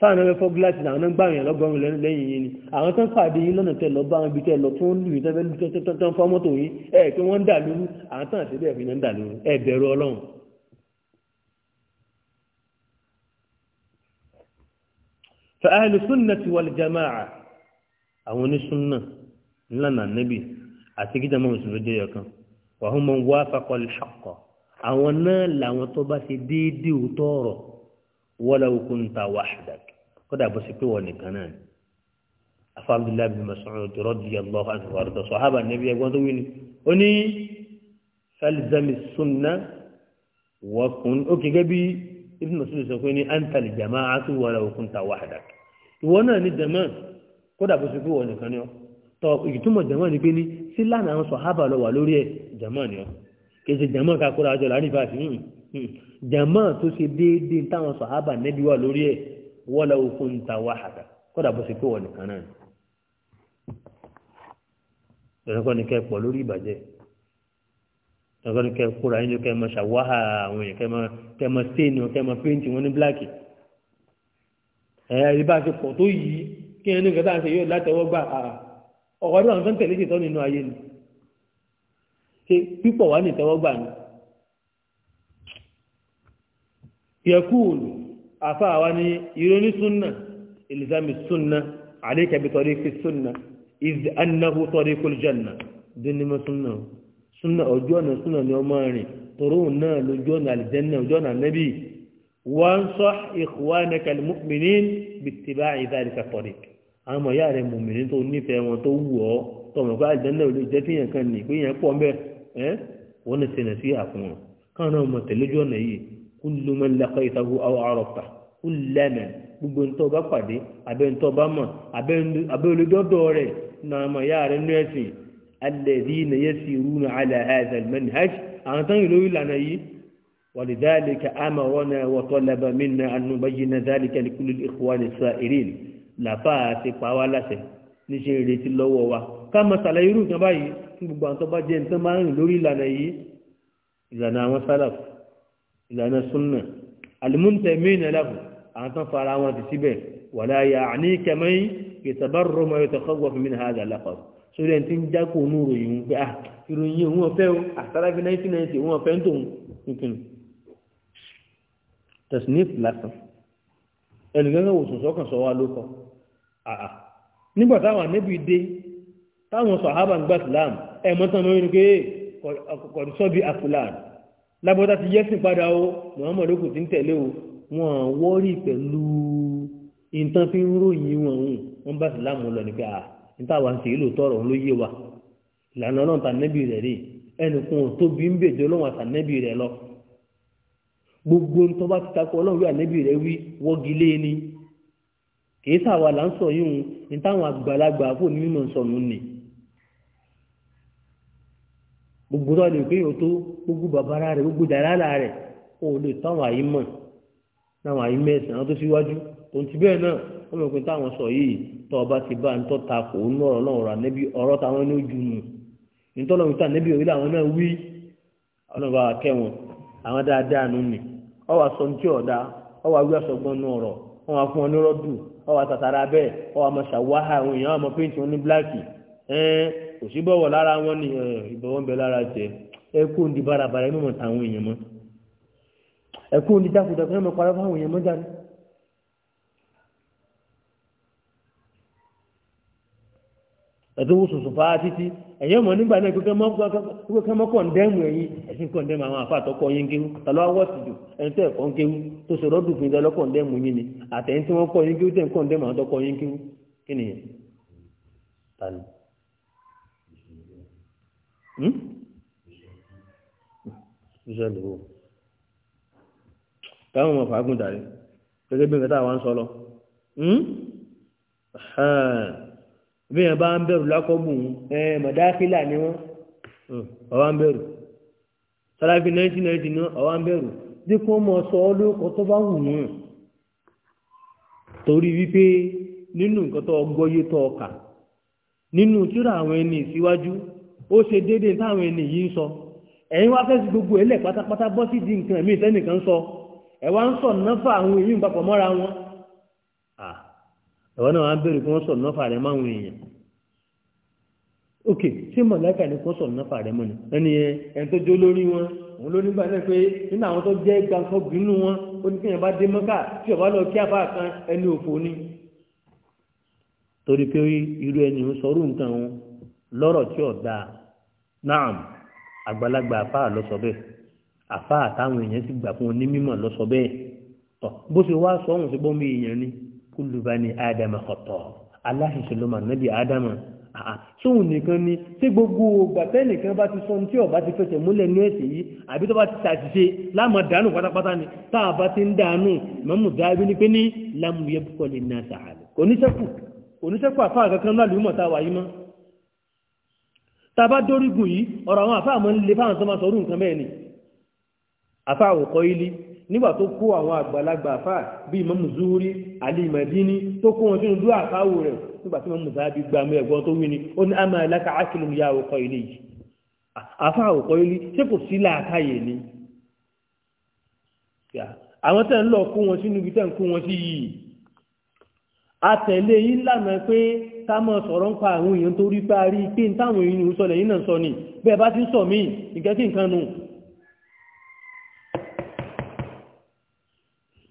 Speaker 1: táwọn náà fọ́ gíláàsì làwọn náà gbà yín lọ́gọ́rùn lẹ́yìn yín ni àwọn tó ń pàdé yín lọ́nà tẹ lọ bá wọn ibi tẹ lọ tó ń lù yín tẹ́ fọ́ mọ́tò yín ẹ̀ pé wọ́n ń dàlúrú àwọn táwọn àti bẹ́ẹ̀ fi náà ń dàlúrú ẹ̀bẹ̀rù ọlọ́run فأهل السنة والجماعة أولي السنة لنا النبي أتجد ما مسلم وهم من وافق الحق أولنا لو تبس ديدي وطور ولو كنت وحدك قد أبسك ونكنان أفا عبد الله بن مسعود رضي الله عنه وارضى صحابة النبي يقولون أني فالزم السنة وكن أوكي جبي ibi mọ̀sùlùmí sọ pé ní antali jama atu wàrà òkun ta wàhádà ìwọ náà ní jama kódà bó ṣe pé wọn nìkan ni ọ tọ ìtumọ̀ jama ni pé ní sí lánàá àwọn sọ̀hábà lọ wà lórí ẹ̀ jama ni ọ kì í ṣe jama kakura àjọ láàrin fàásì jama tó ṣe déédéé táwọn sọ̀hábà nẹ́bí wà lórí ẹ̀ wọ́lá òkun ta wàhádà kódà bó ṣe pé wọn nìkan náà ni ẹ̀rọ kọ́ni kẹ́ pọ̀ lórí ìbàjẹ́ tọ́gbọ́n kẹ kóra yín ló kẹ mọ ṣàwáhà àwọn èèyàn kẹ mọ kẹ mọ stain wọn kẹ mọ paint wọn ní bíláàkì ẹ ẹ̀rí ti pọ̀ tó yìí kí ẹni nǹkan tá à ń ṣe yóò látẹwọ́ gbà ọ̀rọ̀ ọdún àwọn tó ń tẹ̀lé ṣètọ́ nínú ayé ni ṣe pípọ̀ wá ní ìtẹ́wọ́ gbà ni yẹkúùlù afa àwa ni ìròní súnà ìlìsàmì súnà àlékẹ́bi tọ́rí fi súnà ìzì annahu tọ́rí kúlù jẹ́nà dín súnà o súnà ọjọ́ ọ̀nà súnà ni ọmọ rìn tòró náà lójú ọ̀nà àlìjẹ́nà ojú ọ̀nà nẹ́bí wọ́n sọ ìkùwá nẹ́kẹ̀lẹ́ mọ́mìnì bìtìbá ìdáríkà tọ̀rì àwọn ọmọ ìyá rẹ̀ mọ̀mìnì tó nífẹ̀ẹ́ wọn tó wù ọ́ tọmọ pé àlìjẹ́nà olè jẹ́ tíyàn kan nì pé yẹn pọ̀ mẹ́ ẹ́ wọ́n ní sinà sí àfún wọn káwọn náà tẹ̀lé ojú ọ̀nà yìí kúlù mọ́ lakọ́ ìtàkùn àrọ̀pà kúlù lẹ́mẹ̀ الذين يسيرون على هذا المنهج أعطاني لو لنا ولذلك أمرنا وطلب منا أن نبين ذلك لكل الإخوان السائرين لا فاتي قوالته níṣe ìrètí lọ́wọ́ wa ká mọ sàlàyé irú nǹkan báyìí fún gbogbo àwọn tó bá jẹ́ nǹkan máa ń rìn lórí ìlànà yìí ìlànà àwọn sálàf ìlànà súnà àlùmúntẹ̀ mìíràn láàbù àwọn tó fara wọn ti síbẹ̀ wàláyà àní kẹmẹ́yìn ìtàbárò mọ́ ìtàkọ́gbọ̀ fún mi ní àdàlàkọ̀ọ́ sórí ẹni tí ń jákò onú ìròyìn òun pé à ah, ìròyìn òun ọ̀fẹ́ o àtàlábí ah, 1990 òun ọ̀fẹ́ ń tòun nìkan tẹ̀sínìf lásán ẹnìkankan wò sùnsọ́ kan sọ wá ló kọ àà nígbà táwọn anábì dé táwọn sọ àhábà ń gbà sílámù ẹ mọ́tàn mọ́ inú pé kọ̀dùsọ́bí àfúlàn lábọ́dá ti yẹ́sìn padà o muhammed okùn ti ń tẹ̀lé o wọn wọ́ọ̀rì pẹ̀lú ìtàn fi ń ròyìn wọn òun wọn bá sílámù lọ nípa ah, àà níta wà ń ṣe ìlú tọrọ ń ló yé wa ìlànà ọlọ́run tànẹ́bì rẹ̀ rí bi tóbi ń bèjọ ọlọ́run tànẹ́bì rẹ̀ lọ gbogbo ntọ́ bá ti takọ ọlọ́run wí ànẹ́bì rẹ̀ wí wọ́gi lé ní kìí sàwà là ń sọ yíhun ní táwọn àgbàlagbà fò ní mímọ̀ sọnù nì gbogbo tó lè tó gbogbo babara gbogbo dàrálà lè àyímọ̀ àyímọ̀ ẹ̀sìn àwọn tó ó mọ̀ pé táwọn sọ yìí tọ ọba ti bá ń tọ́ ta kò ń nọ̀rọ̀ náà rà níbi ọ̀rọ̀ táwọn ní ojú mu nítọ́lọ́run tà níbi òrí làwọn náà wí ọlọ́ba kẹwọn àwọn dáadáa nù ọwọ́ aṣọ ọwọ́ awí nù ọ̀rọ̀ wọn wá ọ ní rọ́dù ọwọ́ bẹ́ẹ̀ ọwọ́ wáhà àwọn èèyàn péǹtì ẹ̀tọ́ wọ́n sọ̀sọ̀ fáá títí ẹ̀yẹ́ mọ̀ nígbà náà kọ́kọ́ mọ́ kọ̀ndẹ́mù ẹ̀yìn ẹ̀sìn kọ̀ndẹ́mù àwọn àfàtọ́kọ̀ yín kéwú tàlọ́wọ́ sì jù ẹ̀yìn tẹ́ ẹ̀kọ́ kéwú tó sọ̀rọ̀ dùnfin dá lọ́kọ̀ndẹ́mù yín ni àtẹ̀yìn tí wọ́n kọ́ yín kéwú tẹ̀ kọ̀ndẹ́mù àwọn tọkọ yín kéwú kí nìyẹn. tani ìṣẹ̀lẹ̀ hmm? wo táwọn ọmọ fàágùn dàrí gẹ́gẹ́ bí nǹkan táwọn sọ lọ hmm? bí yẹn bá ń bẹ̀rù lákọ́gbù ẹ̀ mọ̀dáfílà ni wọ́n ọ̀wá hmm. ń bẹ̀rù sàlàfí 1990 ní ọ̀wá ń bẹ̀rù bí mọ̀ sọ ọ́ tó bá wù wọ́n torí wípé nínú nǹkan tó gbọ́yé tó ọkà nínú tíra àwọn ẹni ìsíwájú ó ṣe déédéé táwọn ẹni yìí ń sọ ẹ̀yin wá fẹ́ sí gbogbo pátápátá bọ́ sí sọ ń sọ náfà àwọn èyí ń wọn àwọn náà wá ń bèrè kí wọ́n sọ̀rọ̀ náfà rẹ̀ máwọn èèyàn ok ṣé mọ̀láìkà ni kí wọ́n sọ̀rọ̀ náfà rẹ̀ mọ́ ni ẹni yẹn ẹni tó jó lórí wọn òun ló nígbà náà pé nínú àwọn tó jẹ́ gbàǹkan bínú wọn ó ní kéèyàn bá dé mọ́kà tí ọ̀bá lọ kí àbá kan ẹni òfò ni. torí pé irú ẹni ń sọrú nǹkan wọn lọ́rọ̀ tí ọ̀dà náà àgbàlagbà àfáà lọ sọ bẹ́ẹ̀ àfáà táwọn èèyàn sì gbà fún wọn ní mímọ̀ lọ sọ bẹ́ẹ̀ bó ṣe wá sọ kúlùbáni ádámà ọ̀tọ̀ aláṣiṣẹ́ ló mà nábì ádámà sóhun nìkan ni ṣé gbogbo gbàtẹ́ nìkan bá ti sọ tí ọba ti fẹsẹ̀ múlẹ̀ ní ẹ̀sẹ̀ yìí àbí tó bá ti ṣàṣìṣe láàmú dànù pátápátá ni tá a bá ti ń dànù mọ́mú dábí ni pé ní lámúyẹ kọ́lé náà sàálẹ̀ oníṣẹ́kù oníṣẹ́kù àfáà kankan náà lùmọ̀ tá a wà yìí mọ́ tá a bá dórígùn yìí ọ̀rọ̀ àwọn àfáà mọ́ ń le fáwọn tó máa sọ nígbà tó kó àwọn àgbàlagbà fà bí ìmọ̀mù zuhuri alì madini tó kó wọn sínú dúró àkáwò rẹ̀ nígbà tí mọ̀mù zahabi gba mú ẹ̀gbọ́n tó wí ni ó ní àmà ẹ̀láka ákìlù ya òkọ ilé yìí àfa òkọ ilé ṣé kò sí làákàyè ni àwọn tẹ̀ ń lọ kó wọn sínú ibi tẹ̀ ń kó wọn sí yìí àtẹ̀lé yìí lànà pé ká mọ̀ sọ̀rọ̀ ń pa àwọn èèyàn torí pé a rí i pé táwọn èèyàn ń sọ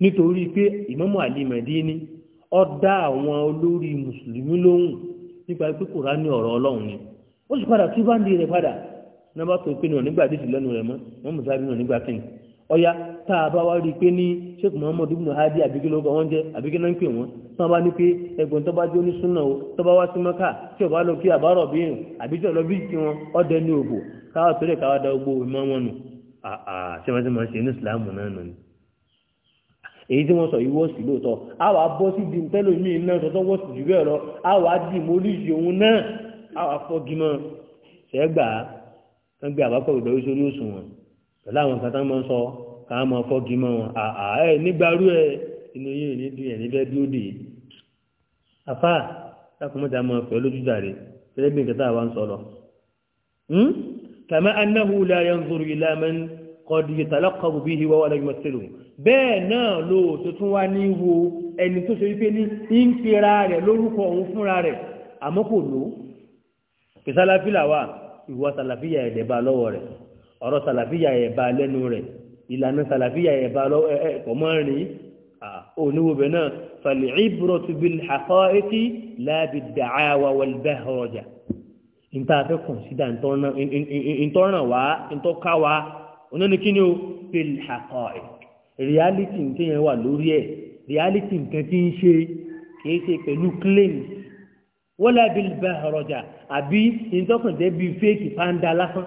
Speaker 1: nítorí pé ìmọ̀mù àlìmọ̀dínní ọ dá àwọn olórí mùsùlùmí lóhùn nípa pé kò rá ní ọ̀rọ̀ ọlọ́run ni ó sì padà tí bá ń di rẹ̀ padà náà bá tó pé ní ọ̀nígbà dídì lẹ́nu rẹ̀ mọ́ wọ́n mú sáré ọ̀nígbà tí ní ọ̀ya tá a bá wá rí i pé ní sheikh muhammadu bin hadi abike ló kọ́ wọ́n jẹ́ abike náà ń pè wọ́n tó bá ní pé ẹgbọ̀n tó bá jó ní súnà o tó bá wá sí mọ́kà tí ọba lọ kí àbárọ̀ bí yẹn àbí tí ọlọ́bí tí wọn ọdẹ ní òbò káwá tó lè káwá da gbogbo ìmọ̀ wọn nù àà ṣé wọ́n ṣe ní ìsìlámù náà nù ni èyí tí wọ́n sọ yìí wọ́ọ̀sì lóòótọ́ a wàá bọ́ sí di tẹ́lò mí iná sọ́tọ́ wọ́ọ̀sì jù bẹ́ẹ̀ lọ a wàá di ìmọ̀lìsì òun náà a wàá fọ́gi mọ́ ṣẹ́gbà ń gbé àbápọ̀ ìdọ̀wé sórí òṣùwọ̀n pẹ̀lú àwọn kan tán máa sọ ká máa fọ́gi mọ́ wọn àà ẹ̀ nígbàrú ẹ̀ inú yìí ní dùn ẹ̀ní fẹ́ dúró dè afá lákùnmọ́ta máa fẹ́ lójúdàre fẹ́ẹ́ bí nǹkan tá hmm? kọ̀dì ìtàlọ́kọ̀bù bí i wọ́wọ́ lẹ́yìn mọ̀sílù bẹ́ẹ̀ náà ló tó tún wá ní wo ẹni tó ṣe wípé ní ń pera rẹ̀ lórúkọ òun fúnra rẹ̀ àmọ́ kò lò pé sálàfíà wà ìwọ sálàfíà ẹ̀dẹ̀ bá lọ́wọ́ rẹ̀ ọ̀rọ̀ sálàfíà ẹ̀ bá lẹ́nu rẹ̀ ìlànà sálàfíà ẹ̀ bá ọmọ rìn oníwòbẹ̀ náà fàlẹ̀ ìbúrọ̀ òun ní kíni o fil haqa'iq reality nǹkan yẹn wà lórí ẹ̀ reality nǹkan tí ń ṣe kìí ṣe pẹ̀lú claims wala bil bahraja àbí ìtọ́kùnjẹ́ bíi fake panda lásán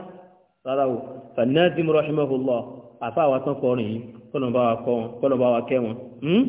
Speaker 1: rárá o fanazim rahimahullah àfa àwọn tán kọrin yìí kọ́nà bá wa kọ́ wọn kọ́nà bá wa kẹ́ wọn hmm?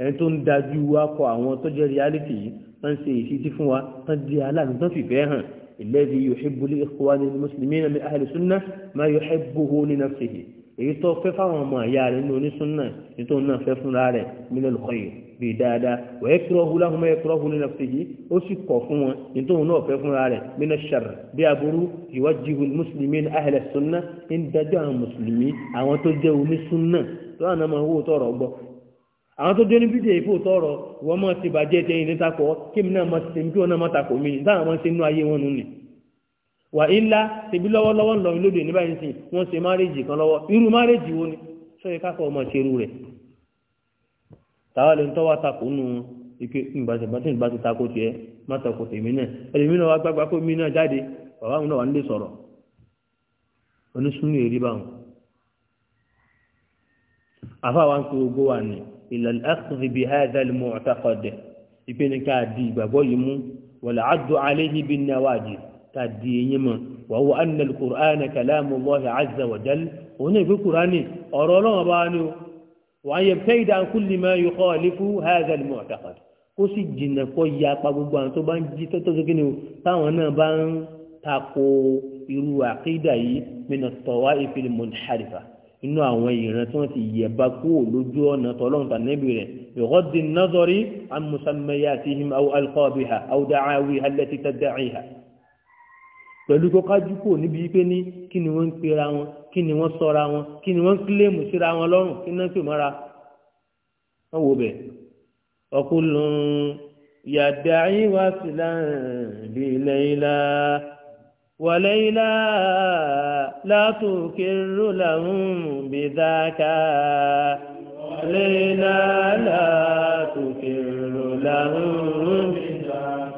Speaker 1: ẹni tó ń dájú wa kọ àwọn tó jẹ́ reality yìí wọ́n ń ṣe ìṣítí fún wa wọ́n aláàánú tó fìfẹ́ hàn الذي يحب لإخوان المسلمين من أهل السنة ما يحبه لنفسه èyí tó fẹ́ fáwọn ọmọ ìyá rẹ̀ nínú onísúnnà nítorí náà fẹ́ fúnra rẹ̀ nílẹ̀ lùkọ́yì bíi dáadáa wẹ́ẹ́ kúrọ́hu láhùn mẹ́ẹ́ kúrọ́hu nínú fìdí ó sì kọ̀ fún wọn nítorí náà fẹ́ fúnra rẹ̀ nínú ṣàrẹ̀ bí aburú ìwájú mùsùlùmí ní ahẹ̀lẹ̀ súnnà ń dájọ́ àwọn mùsùlùmí àwọn tó jẹ́ onísúnnà tó àná máa wó tọ̀rọ̀ gbọ́ àwọn tó dé ní bídẹ̀ ìfò tọrọ wọ́n mọ̀ ti bàjẹ́ tẹ́yìn ní takọ̀ kíni náà mọ̀ tẹ̀mí kí wọ́n náà mọ̀ takọ̀ mi ní táwọn mọ̀ sí inú ayé wọn nù ni wà ilá tẹ̀bí lọ́wọ́lọ́wọ́ ń lọ lóde ní báyìí sìn wọ́n ṣe márèjì kan lọ́wọ́ irú márèjì wo ni sọ́yẹ káfọ́ ọmọ ṣerú rẹ̀ tàwọn lè ń tọ́wọ́ takọ̀ nù ike ìgbàsẹ̀bàtì ìgbàsẹ̀ takọ̀ tiẹ̀ má takọ̀ tèmi náà ẹlẹ́mi náà wá gbàgbà kó mi náà jáde bàbá àwọn náà wà nílé gbogbo wà ní ìlànà ẹ̀kùnrin bíi hẹ́ẹ́dẹ́lì mú ọ̀tàkọ̀dẹ̀ ìpinnu ká di ìgbàgbọ́ yìí mú wọ̀lẹ̀ àdó aléhi bíi náwájì ká di eyín mọ́ wà wọ anil kur'an kàlámù lọ́hì azza wa jal òun náà ìpín kur'ani ọ̀rọ̀ ọlọ́wọ́n bá ní o wọ́n yẹ fẹ́ẹ́dà kúlì máa yọ kọ́ àlífù hẹ́ẹ́dẹ́lì mú kó sì jìnnà kọ́ ya apá gbogbo àwọn tó bá inú àwọn ìran tí wọ́n ti yẹ̀bá kúrò lójú ọ̀nà tọ́lọ́run tànẹ́bì rẹ̀ ìrọ́dì nọ́dọ̀rí amúsàmẹ́yà àti ihim àwọn alkọ́bìhà àwùdáàwì alẹ́tí tẹ́dẹ̀ẹ́hà pẹ̀lú kó kájú kò níbi wípé ní kí ni wọ́n ń pera wọn kí ni wọ́n sọra wọn kí ni wọ́n ń kílèmù síra wọn lọ́rùn kí ni wọ́n ń pè mọ́ra wọ́n wò bẹ̀ ọkùnrin yàdá wá sí bíi lẹ́yìn láà وليلا لا تكر لهم بذاك وليلا لا تكر لهم
Speaker 2: بذاك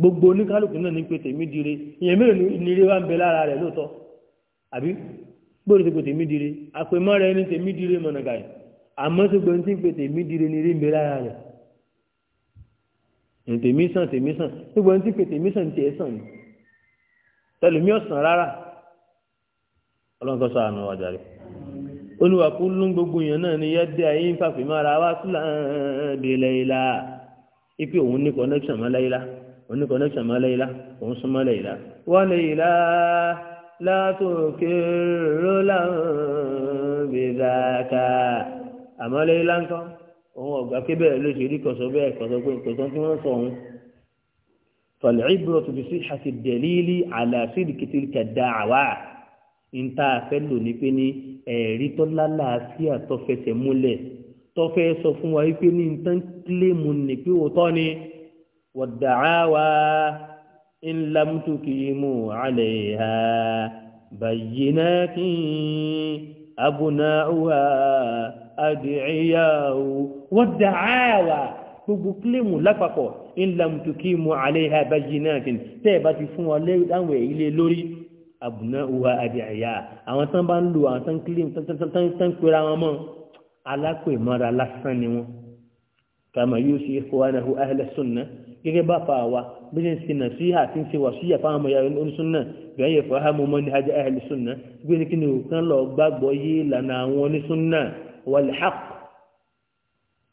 Speaker 1: gbogbo oníkálukú náà ní pé tèmi dire ìyẹn mélòó ní ilé wa ń bẹ lára rẹ lóòótọ́ àbí gbọ́dọ̀ tó pé tèmi dire àpèmọ́ rẹ ní tèmi dire mọ̀nàgà yìí àmọ́ tó gbọ́n tí ń tèmi dire ní ilé ń bẹ lára rẹ tèmi sàn tèmi sàn tó gbọ́n tí ń tèmi sàn tiẹ̀ sàn ni tẹlumi ọ̀sán rárá ọlọ́run kọ́ sàánú wa jàre olùwàkú ló ń gbogbo èèyàn náà ni yẹ́dẹ́ ayé ń fàfin mára wá fúlàǹdì lẹ́yìnlá ipe òun ní connection mọ́ lẹ́yìnlá òun ní connection mọ́ lẹ́yìnlá òun sún mọ́ lẹ́yìnlá wọ́n lẹ́yìnlá látòkè rólàǹdì dáká àmọ́ lẹ́yìnlá ńkọ́ òun ọ̀gbà kébẹ̀ ló ṣe rí kọ̀sọ́ bẹ́ẹ̀ kọ̀sọ́ pé kọ̀sọ́ tí wọ́n sọ òun. فالعبرة بصحة الدليل على صدق تلك الدعوة ń tá a fẹ́ lò ní pé ní ẹ̀rí tó lálàáfíà tó fẹsẹ̀ múlẹ̀ tó fẹ́ sọ fún wa wípé ní nǹkan kílèmù ní pé òótọ́ ni wọ̀dàáwá ńlámtùkì mú àlẹ́ ha bàyí náà kí abùnáwá adìyàwó wọ̀dàáwá gbogbo kílèmù lápapọ̀ ńlámùtùkí mu àléhà bájì náà kìí tẹ́ ẹ̀ bá ti fún wọn láwọn èyí lé lórí àbùná òwà àdìyà àwọn tán bá ń lo àwọn tán kílìm tán pera wọn mọ́ alákòémọ́ra lásán ni wọn. kàmá yóò ṣe kó wa náà ahlẹ̀ sunna gẹ́gẹ́ bá fa wa bí ṣe ń sin náà sí àti ń ṣe wà sí àfáwọn ọmọ yàrá oníṣúná bẹ́ẹ̀ yẹ fọ́ hàmú mọ́ ní hajj ahlẹ̀ sunna gbé ní kíni òkan lọ gbàgbọ́ yé ìlànà àwọn oníṣúná wàlẹ̀ hàk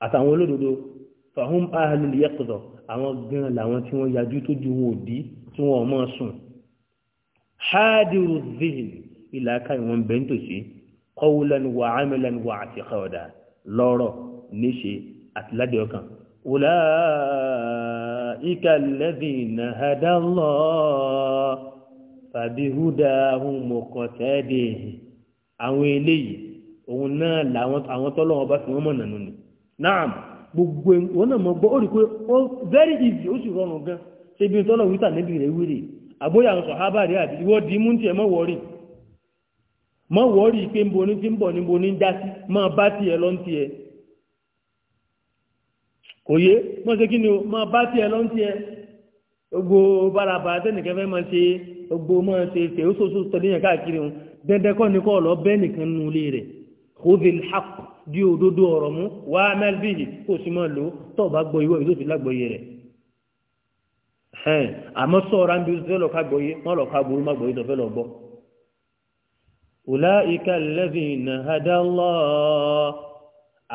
Speaker 1: àtàwọn olódodo fàhùn ahlẹ̀ yẹ àwọn gan làwọn tí wọ́n yajú tó ju wọn òdí tí wọ́n mọ́ sùn hádìrú zihìn ìlàkà ìwọ̀n bẹ́ntòsí kọ́wúlẹ́nu wà ámìlẹ́nu wà àti kọ́ọ̀dà lọ́rọ̀ níṣe àti ládé ọkàn wùlá ìkàlẹ́dìnà àdánlọ́ fàbíhúdà ahùn mọ̀kọ̀tẹ́dì àwọn eléyìí òun náà làwọn tọ́lọ́wọ́ bá fi wọ́n mọ̀ nànú ni náà gbogbo wọn náà mọ̀ gbọ́ ó rí pé ó very easy ó sì rọrùn gan ṣe ibi n'ebi wíta níbi rẹ̀ wíre àbóyá àwọn sọ̀hábà rẹ̀ àti ìwọ́ di múntì ẹ̀ mọ́ wọ́ọ̀rì mọ́ wọ́ọ̀rì pé nbo ní ti ń bọ̀ níbo ní ń já sí máa bá tiẹ̀ lọ́n tiẹ̀ kò yé mọ́ ṣe kí ni o máa bá tiẹ̀ lọ́n tiẹ̀ gbogbo bárabà tẹ́nìkan fẹ́ máa ṣe gbogbo máa ṣe kóvil hap di òdodo ọ̀rọ̀ mú wá mẹ́lbíyì kó sì máa lò tó bá gbọ́ ìwọ́ ìlú ti lágbọ́yé rẹ̀ àmọ́ sọ̀rọ̀ àǹbí fẹ́ lọ ká gbọ́yé wọ́n lọ ká burú má gbọ́yé tó fẹ́ lọ gbọ́. òlá ìka lẹ́bìn iná adálọ́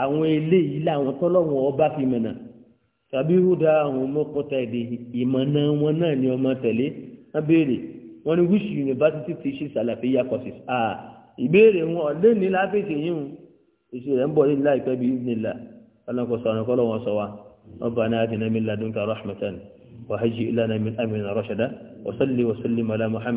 Speaker 1: àwọn eléyìí làwọn tọ́lọ́wọ́n ọba fi mọ̀nà tàbí rúdà àwọn ọmọkọta èdè ìmọ̀nà wọn náà ni ọmọ tẹ̀lé wọ́n béèrè wọ́n ní which university teaches àlàfíà courses ah ìbéèrè wọn ọ̀lẹ́ ní lápèsè yín èsì rẹ̀ ń bọ̀ nílá ìpẹ́ bí nílá ọlọ́kọ̀sọ ọ̀nà kọ́lọ̀ wọn sọ wa wọn bá ní ربنا آتنا من لدنك رحمة وهيئ لنا من أمرنا رشدا وصلي وسلم على محمد